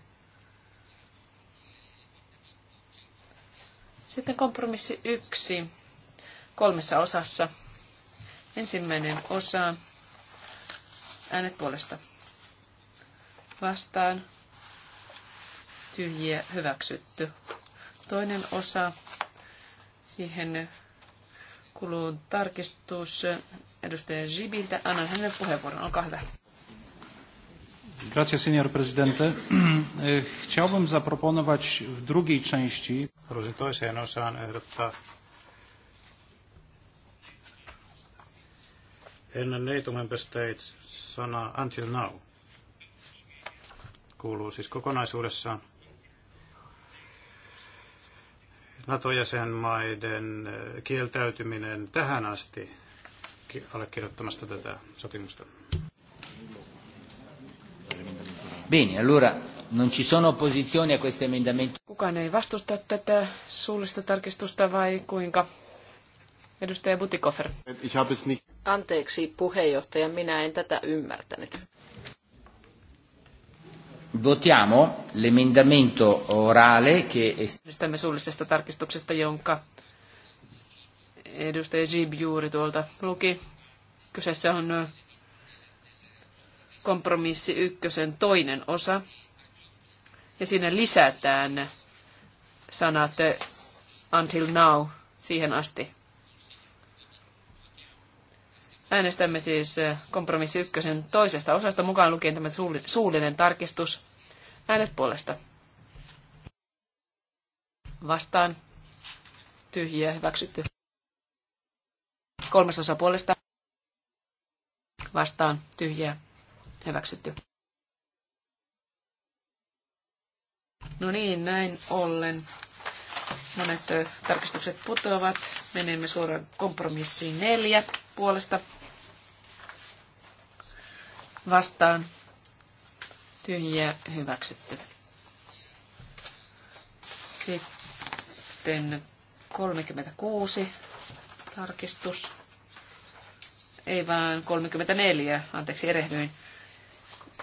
S2: Sitten kompromissi yksi kolmessa osassa. Ensimmäinen osa, äänet puolesta. Vastaan, tyhjiä, hyväksytty. Toinen osa, siihen kuluu tarkistus edustaja Zibiltä. Annan hänelle puheenvuoron, olkaa hyvä.
S3: Grazie, signor Presidente. Chciałbym zaproponować w drugiej części... Haluaisin toiseen osaan ehdottaa Ennen NATO member states sana until now kuuluu siis kokonaisuudessaan NATO-jäsenmaiden eh, kieltäytyminen tähän asti allekirjoittamasta tätä sopimusta.
S1: Bene, allora non ci sono opposizioni a questo emendamento.
S2: Kukaan ei vastusta tätä suullista tarkistusta vai kuinka? Edustaja Butikofer. Anteeksi puheenjohtaja, minä en tätä ymmärtänyt.
S1: Votiamo l'emendamento orale che... Äänestämme suullisesta tarkistuksesta, jonka
S2: edustaja Jib juuri tuolta luki. Kyseessä on kompromissi ykkösen toinen osa. Ja siinä lisätään sanat until now siihen asti. Äänestämme siis kompromissi ykkösen toisesta osasta mukaan lukien tämä suullinen tarkistus. Äänet puolesta. Vastaan. Tyhjiä hyväksytty. Kolmasosa puolesta. Vastaan. Tyhjiä hyväksytty. No niin, näin ollen monet tarkistukset putoavat. Menemme suoraan kompromissiin neljä puolesta vastaan tyhjiä hyväksytty. Sitten 36 tarkistus. Ei vaan 34, anteeksi erehdyin.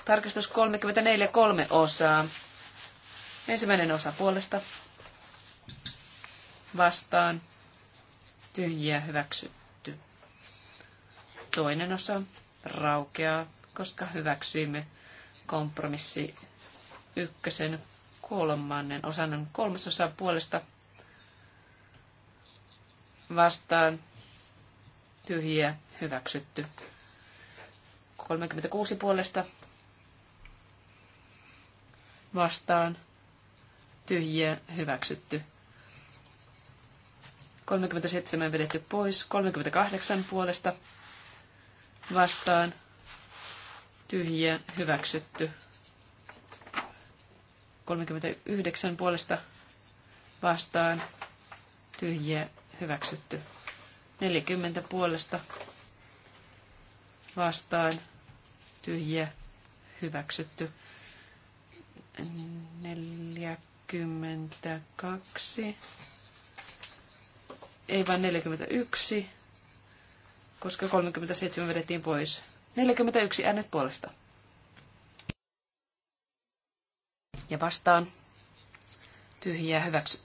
S2: Tarkistus 34, kolme osaa. Ensimmäinen osa puolesta. Vastaan. Tyhjiä hyväksytty. Toinen osa raukeaa koska hyväksyimme kompromissi ykkösen kolmannen osan kolmasosa puolesta vastaan tyhjiä hyväksytty. 36 puolesta vastaan tyhjiä hyväksytty. 37 vedetty pois, 38 puolesta vastaan tyhjiä hyväksytty. 39 puolesta vastaan tyhjiä hyväksytty. 40 puolesta vastaan tyhjiä hyväksytty. 42. Ei vaan 41, koska 37 vedettiin pois. 41 äänet puolesta. Ja vastaan. Tyhjää hyväksy,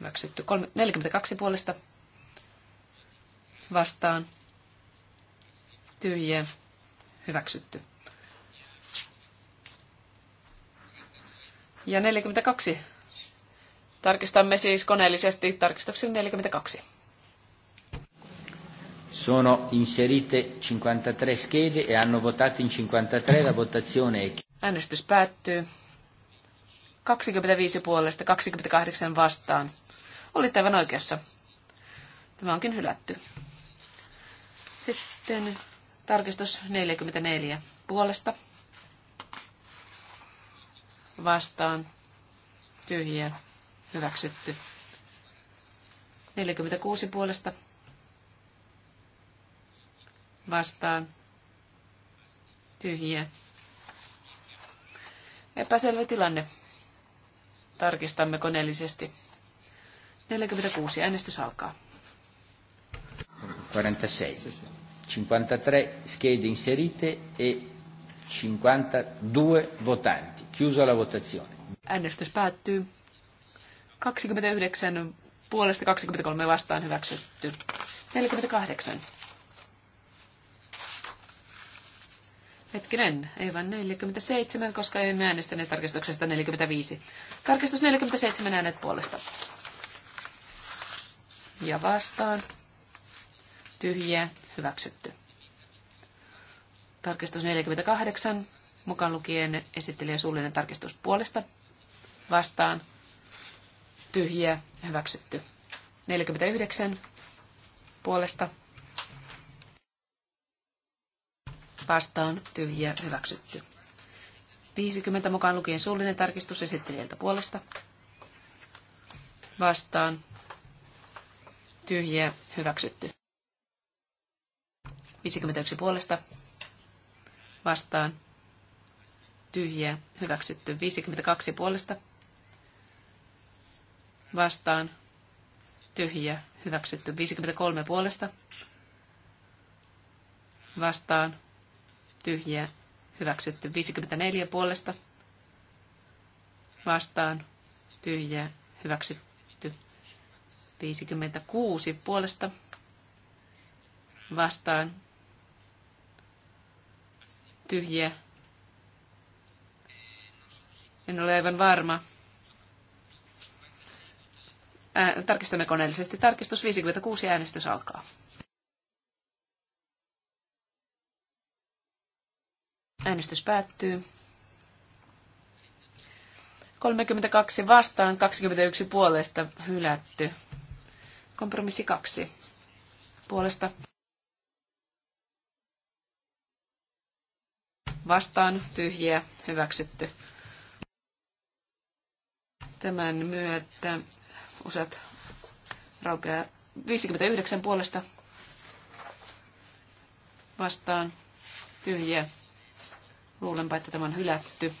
S2: hyväksytty. 42 puolesta. Vastaan. Tyhjää hyväksytty. Ja 42. Tarkistamme siis koneellisesti tarkistuksen 42.
S1: Sono inserite 53 schede e hanno votato in 53 la votazione è...
S2: Äänestys päättyy. 25 puolesta, 28 vastaan. Oli aivan oikeassa. Tämä onkin hylätty. Sitten tarkistus 44 puolesta. Vastaan. Tyhjiä. Hyväksytty. 46 puolesta vastaan tyhjiä. Epäselvä tilanne. Tarkistamme koneellisesti. 46. Äänestys alkaa.
S1: 46. 53 schede inserite e 52 votanti. Chiusa la votazione.
S2: Äänestys päättyy. 29 puolesta 23 vastaan hyväksytty. 48. Hetkinen, ei vaan 47, koska emme äänestäneet tarkistuksesta 45. Tarkistus 47 äänet puolesta. Ja vastaan. Tyhjiä, hyväksytty. Tarkistus 48, mukaan lukien esittelijä suullinen tarkistus puolesta. Vastaan. Tyhjiä, hyväksytty. 49 puolesta vastaan tyhjiä hyväksytty. 50 mukaan lukien suullinen tarkistus esittelijältä puolesta. Vastaan tyhjiä hyväksytty. 51 puolesta vastaan tyhjiä hyväksytty. 52 puolesta vastaan tyhjiä hyväksytty. 53 puolesta vastaan tyhjiä hyväksytty. 54 puolesta vastaan tyhjiä hyväksytty. 56 puolesta vastaan tyhjiä. En ole aivan varma. Ää, tarkistamme koneellisesti. Tarkistus 56 äänestys alkaa. Äänestys päättyy. 32 vastaan, 21 puolesta hylätty. Kompromissi 2 puolesta. Vastaan tyhjiä, hyväksytty. Tämän myötä useat raukeaa 59 puolesta vastaan tyhjiä, Luulenpa, että tämä on hylätty.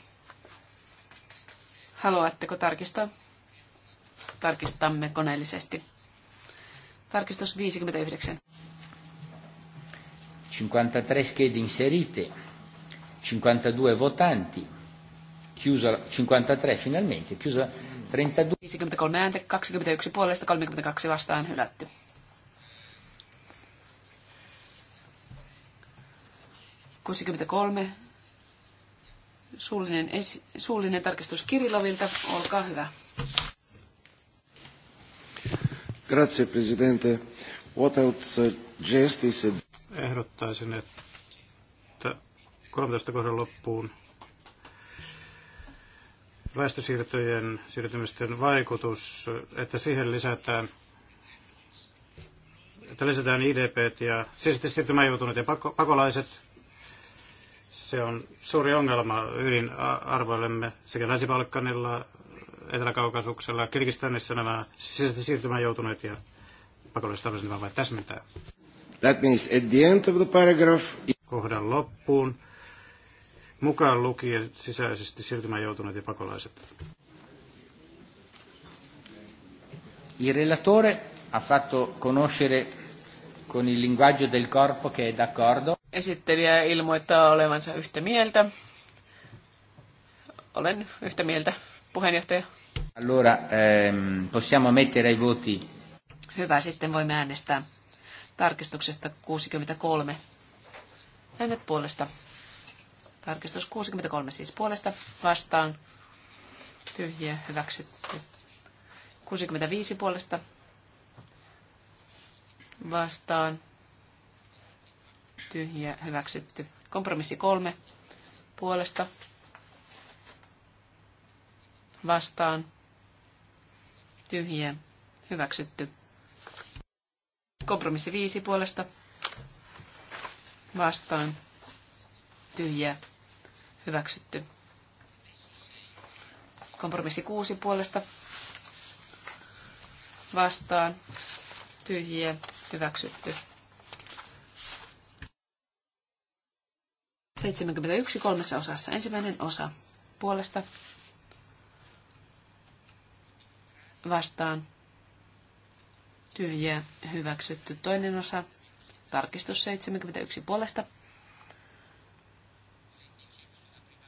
S2: Haluatteko tarkistaa? Tarkistamme koneellisesti. Tarkistus 59.
S1: 53 schede inserite, 52 votanti, chiusa 53 finalmente, chiusa 32. 53 ääntä, 21 puolesta, 32 vastaan hylätty.
S2: Kuusikymmentäkolme Suullinen, suullinen tarkistus Kirilovilta, olkaa hyvä.
S3: Grazie, Presidente. What I would
S4: suggest is...
S3: Ehdottaisin, että 13 kohdan loppuun väestösiirtojen siirtymisten vaikutus, että siihen lisätään että lisätään IDP ja sisäisesti siirtymään joutuneet ja pakolaiset se on suuri ongelma ydinarvoillemme sekä Länsi-Balkanilla, Etelä-Kaukasuksella, Kirgistanissa nämä sisäisesti siirtymään joutuneet ja pakolliset olisi vain täsmentää. That means at the end of the paragraph... Kohdan loppuun, mukaan lukien sisäisesti siirtymään joutuneet ja pakolaiset.
S1: Il relatore ha fatto
S3: conoscere
S1: con il linguaggio del corpo che è d'accordo. Esittelijä
S2: ilmoittaa
S1: olevansa yhtä mieltä.
S2: Olen yhtä mieltä, puheenjohtaja.
S1: Allora, ehm, possiamo mettere ai voti.
S2: Hyvä, sitten voimme äänestää tarkistuksesta 63. Äänet puolesta. Tarkistus 63 siis puolesta vastaan. Tyhjiä hyväksytty. 65 puolesta vastaan tyhjiä hyväksytty. Kompromissi kolme puolesta vastaan tyhjiä hyväksytty. Kompromissi viisi puolesta vastaan tyhjiä hyväksytty. Kompromissi kuusi puolesta vastaan tyhjiä hyväksytty. 71 kolmessa osassa. Ensimmäinen osa puolesta vastaan tyhjiä hyväksytty. Toinen osa tarkistus 71 puolesta.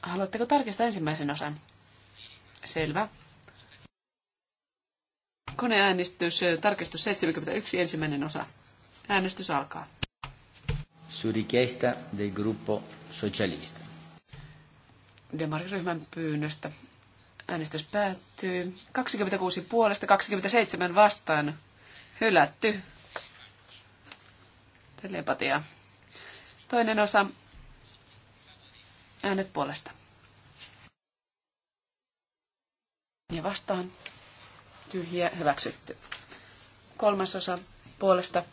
S2: Haluatteko tarkistaa ensimmäisen osan? Selvä. Koneäänestys, tarkistus 71, ensimmäinen osa. Äänestys alkaa.
S1: Su richiesta del gruppo Socialista.
S2: Demariryhmän pyynnöstä. Äänestys päättyy. 26 puolesta, 27 vastaan. Hylätty. Telepatia. Toinen osa. Äänet puolesta. Ja vastaan. Tyhjiä hyväksytty. Kolmas osa puolesta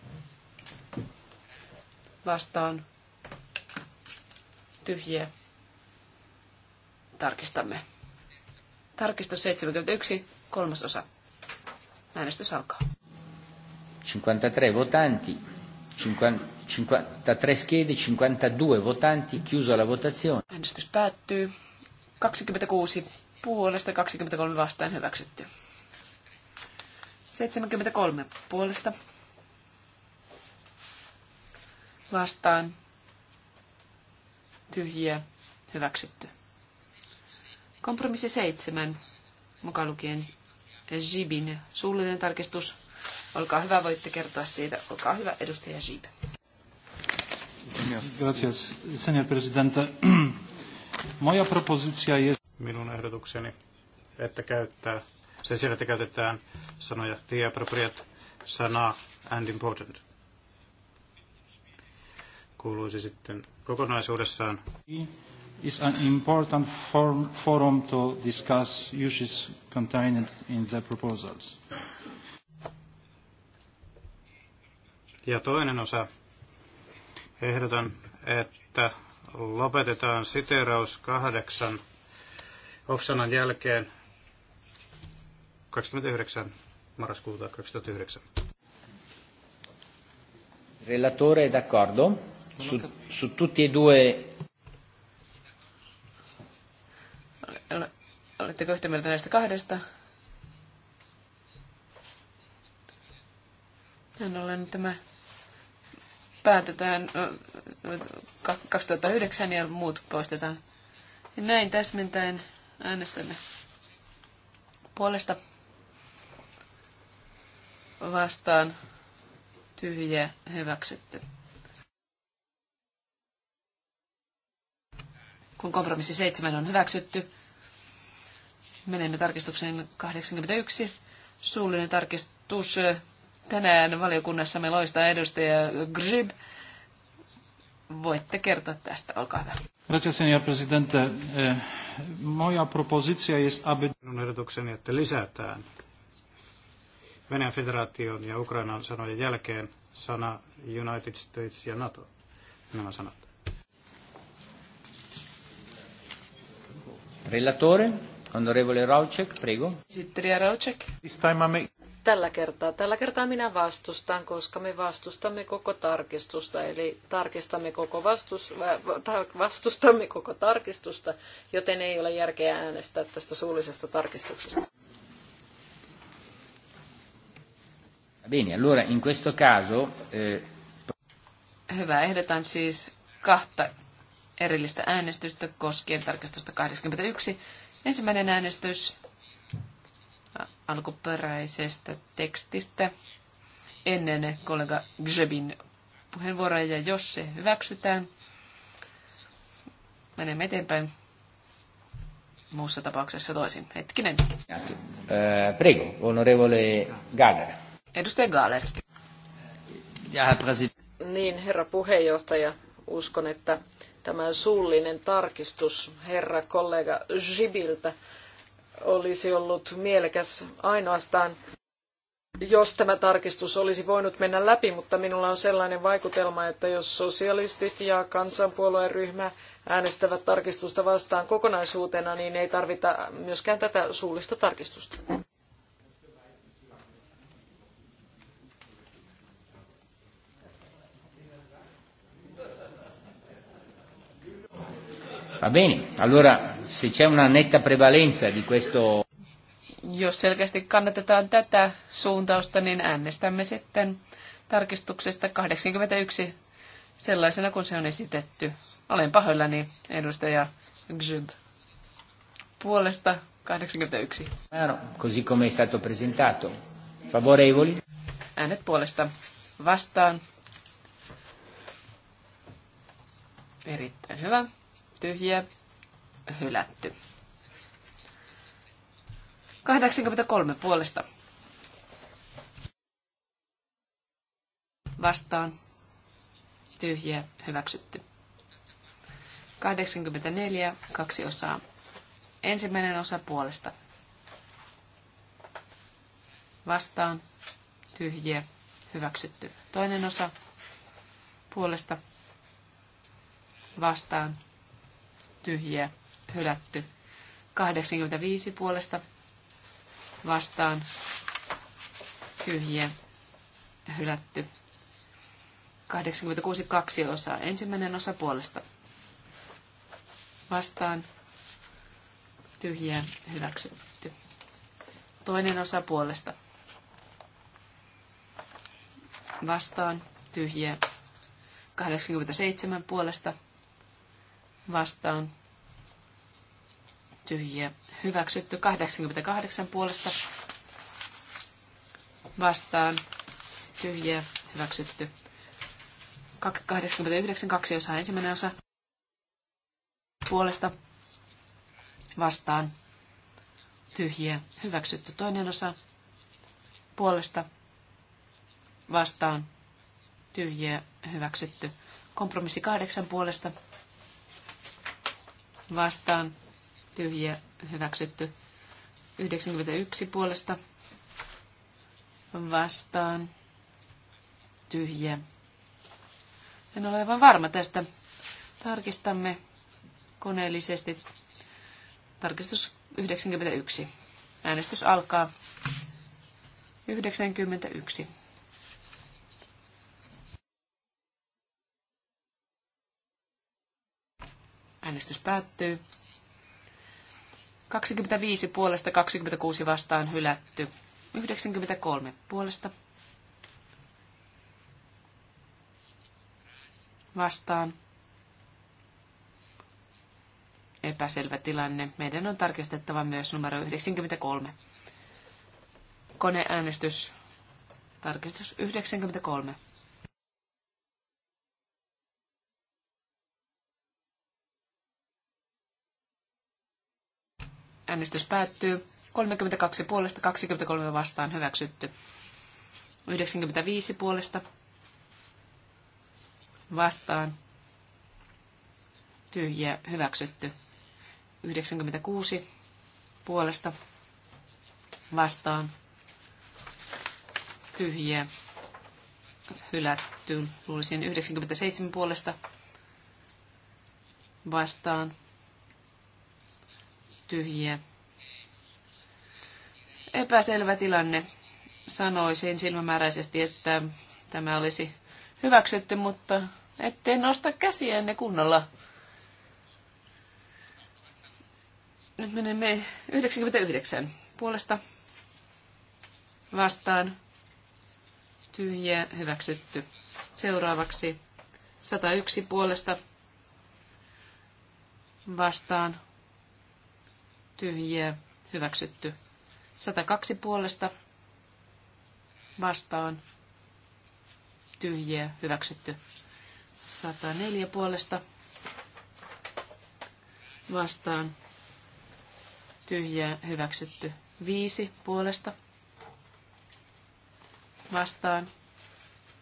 S2: vastaan tyhjiä. Tarkistamme. Tarkistus 71, kolmas osa. Äänestys alkaa.
S1: 53 votanti, 53 schede, 52 votanti, chiuso la votazione. Äänestys
S2: päättyy. 26 puolesta, 23 vastaan hyväksytty. 73 puolesta vastaan tyhjiä hyväksytty. Kompromissi seitsemän, mukaan lukien Jibin suullinen tarkistus. Olkaa hyvä, voitte kertoa siitä. Olkaa hyvä, edustaja
S3: Jib. Gracias, señor presidente. Moja jest... Minun ehdotukseni, että käyttää, se sijaan, että käytetään sanoja the appropriate sana and important. Kuuluisi sitten kokonaisuudessaan is an important form, forum to discuss issues contained in the proposals. Ja toinen osa. Ehdotan, että lopetetaan siteraus kahdeksan Ofsanan jälkeen 29. marraskuuta 2009.
S1: Relatore d'accordo su, su tutti e due...
S2: Oletteko yhtä mieltä näistä kahdesta? Näin ollen tämä päätetään 2009 ja muut poistetaan. Ja näin täsmentäen äänestämme puolesta vastaan tyhjä hyväksytty. kun kompromissi 7 on hyväksytty. Menemme tarkistukseen 81. Suullinen tarkistus tänään valiokunnassamme loistaa edustaja Grib. Voitte kertoa tästä, olkaa hyvä.
S3: Grazie, signor presidente. Eh, moja propositia jest, aby... Minun ehdotukseni, että lisätään Venäjän federaation ja Ukrainan sanojen jälkeen sana United States ja NATO. Nämä sanat.
S1: Relatore, onorevole Raucek, prego.
S2: Esittelijä Raucek.
S4: Tällä kertaa. Tällä kertaa minä vastustan, koska me vastustamme koko tarkistusta, eli tarkistamme koko vastus, vastustamme koko tarkistusta, joten ei ole järkeä äänestää tästä suullisesta tarkistuksesta.
S1: Bene, allora in questo caso... Eh...
S2: Hyvä, ehdotan siis kahta erillistä äänestystä koskien tarkastusta 21. Ensimmäinen äänestys alkuperäisestä tekstistä ennen kollega Gzebin puheenvuoroa, ja jos se hyväksytään, menemme eteenpäin. Muussa tapauksessa toisin. Hetkinen.
S1: Eh, prego, onorevole Galler.
S2: Edustaja Galler.
S1: Ja,
S4: Niin, herra puheenjohtaja, uskon, että Tämä suullinen tarkistus herra kollega Zibiltä olisi ollut mielekäs ainoastaan, jos tämä tarkistus olisi voinut mennä läpi, mutta minulla on sellainen vaikutelma, että jos sosialistit ja kansanpuolueen ryhmä äänestävät tarkistusta vastaan kokonaisuutena, niin ei tarvita myöskään tätä suullista tarkistusta.
S1: Va bene, allora se c'è una netta prevalenza di questo...
S2: Jos selkeästi kannatetaan tätä suuntausta, niin äänestämme sitten tarkistuksesta 81 sellaisena kuin se on esitetty. Olen pahoillani edustaja Gzyb Puolesta 81.
S1: così come è stato presentato. Favorevoli?
S2: Äänet puolesta vastaan. Erittäin hyvä tyhjä, hylätty. 83 puolesta. Vastaan, tyhjä hyväksytty. 84, kaksi osaa. Ensimmäinen osa puolesta. Vastaan, tyhjä hyväksytty. Toinen osa puolesta vastaan, tyhjiä hylätty. 85 puolesta vastaan tyhjiä hylätty. 86 kaksi osaa. Ensimmäinen osa puolesta vastaan tyhjiä hyväksytty. Toinen osa puolesta vastaan tyhjiä 87 puolesta vastaan tyhjiä. Hyväksytty 88 puolesta vastaan tyhjiä. Hyväksytty 89 kaksi osa ensimmäinen osa puolesta vastaan tyhjiä. Hyväksytty toinen osa puolesta vastaan tyhjiä. Hyväksytty kompromissi kahdeksan puolesta vastaan tyhjiä hyväksytty. 91 puolesta vastaan tyhjiä. En ole aivan varma tästä. Tarkistamme koneellisesti. Tarkistus 91. Äänestys alkaa. 91. Äänestys päättyy. 25 puolesta 26 vastaan hylätty. 93 puolesta. Vastaan. Epäselvä tilanne. Meidän on tarkistettava myös numero 93. Koneäänestys. Tarkistus 93. Äänestys päättyy. 32 puolesta, 23 vastaan hyväksytty. 95 puolesta vastaan tyhjiä hyväksytty. 96 puolesta vastaan tyhjiä hylätty. Luulisin 97 puolesta vastaan tyhjiä. Epäselvä tilanne. Sanoisin silmämääräisesti, että tämä olisi hyväksytty, mutta ettei nosta käsiä ennen kunnolla. Nyt menemme 99 puolesta vastaan. Tyhjiä hyväksytty. Seuraavaksi 101 puolesta vastaan tyhjiä, hyväksytty. 102 puolesta vastaan, tyhjiä, hyväksytty. 104 puolesta vastaan, tyhjiä, hyväksytty. 5 puolesta vastaan,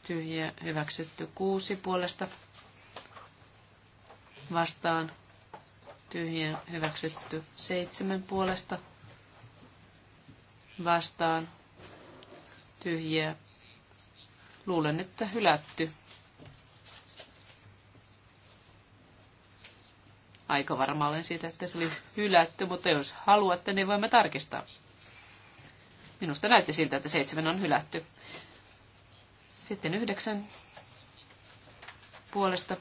S2: tyhjiä, hyväksytty. 6 puolesta vastaan, tyhjä hyväksytty seitsemän puolesta vastaan tyhjiä. Luulen, että hylätty. Aika varma olen siitä, että se oli hylätty, mutta jos haluatte, niin voimme tarkistaa. Minusta näytti siltä, että seitsemän on hylätty. Sitten yhdeksän puolesta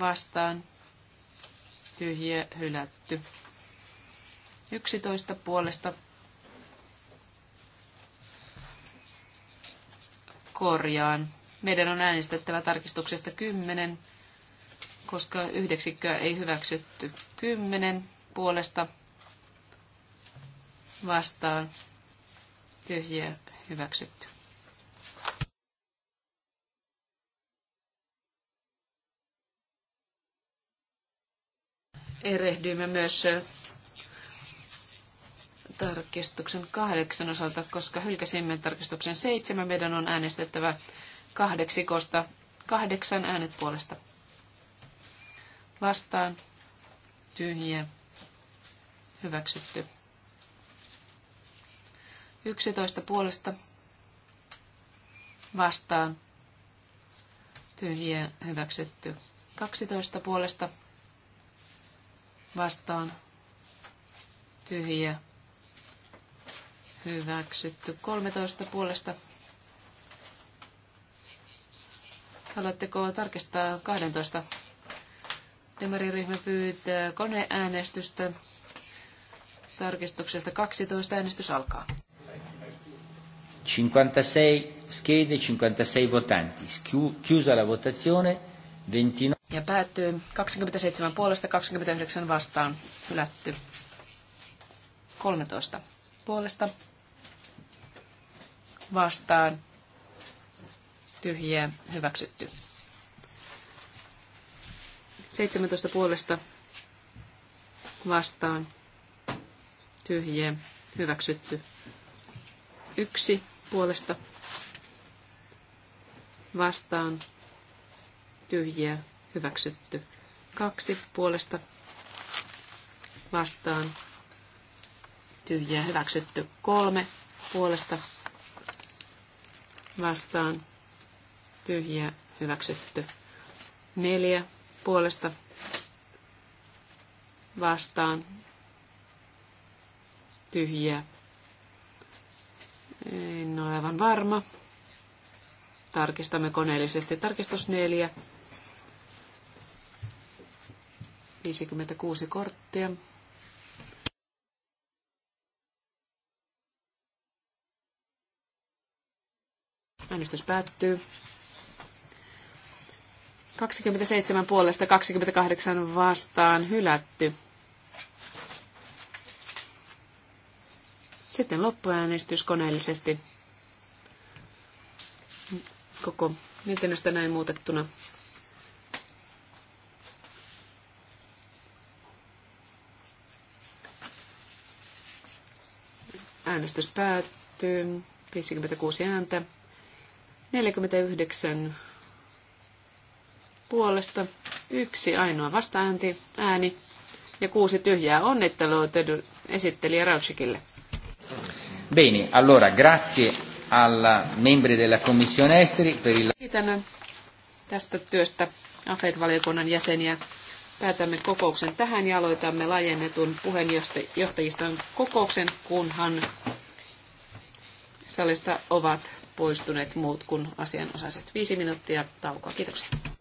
S2: vastaan tyhjiä hylätty. 11 puolesta korjaan. Meidän on äänestettävä tarkistuksesta 10, koska yhdeksikköä ei hyväksytty. 10 puolesta vastaan tyhjiä hyväksytty. erehdyimme myös tarkistuksen kahdeksan osalta, koska hylkäsimme tarkistuksen seitsemän. Meidän on äänestettävä kahdeksikosta kahdeksan äänet puolesta. Vastaan. Tyhjiä. Hyväksytty. 11 puolesta. Vastaan. Tyhjiä. Hyväksytty. 12 puolesta vastaan tyhjiä hyväksytty. 13 puolesta Haluatteko tarkistaa 12? Demariryhmä pyytää koneäänestystä. Tarkistuksesta 12 äänestys alkaa.
S1: 56 schede, 56 votanti. Chiusa la votazione, 29
S2: ja päättyy 27 puolesta 29 vastaan hylätty 13 puolesta vastaan tyhjiä hyväksytty 17 puolesta vastaan tyhjiä hyväksytty yksi puolesta vastaan tyhjiä hyväksytty. Kaksi puolesta vastaan tyhjää hyväksytty. Kolme puolesta vastaan tyhjää hyväksytty. Neljä puolesta vastaan tyhjää. En ole aivan varma. Tarkistamme koneellisesti. Tarkistus neljä. 56 korttia. Äänestys päättyy. 27 puolesta 28 vastaan hylätty. Sitten loppuäänestys koneellisesti koko mietinnöstä näin muutettuna. Äänestys päättyy. 56 ääntä. 49 puolesta. Yksi ainoa vastaäänti, ääni ja kuusi tyhjää. Onnittelut esittelijä Rautsikille.
S1: Bene, allora grazie alla membri della Commissione Esteri per il...
S2: Kiitän tästä työstä AFET-valiokunnan jäseniä päätämme kokouksen tähän ja aloitamme laajennetun puheenjohtajiston kokouksen, kunhan salista ovat poistuneet muut kuin asianosaiset. Viisi minuuttia taukoa. Kiitoksia.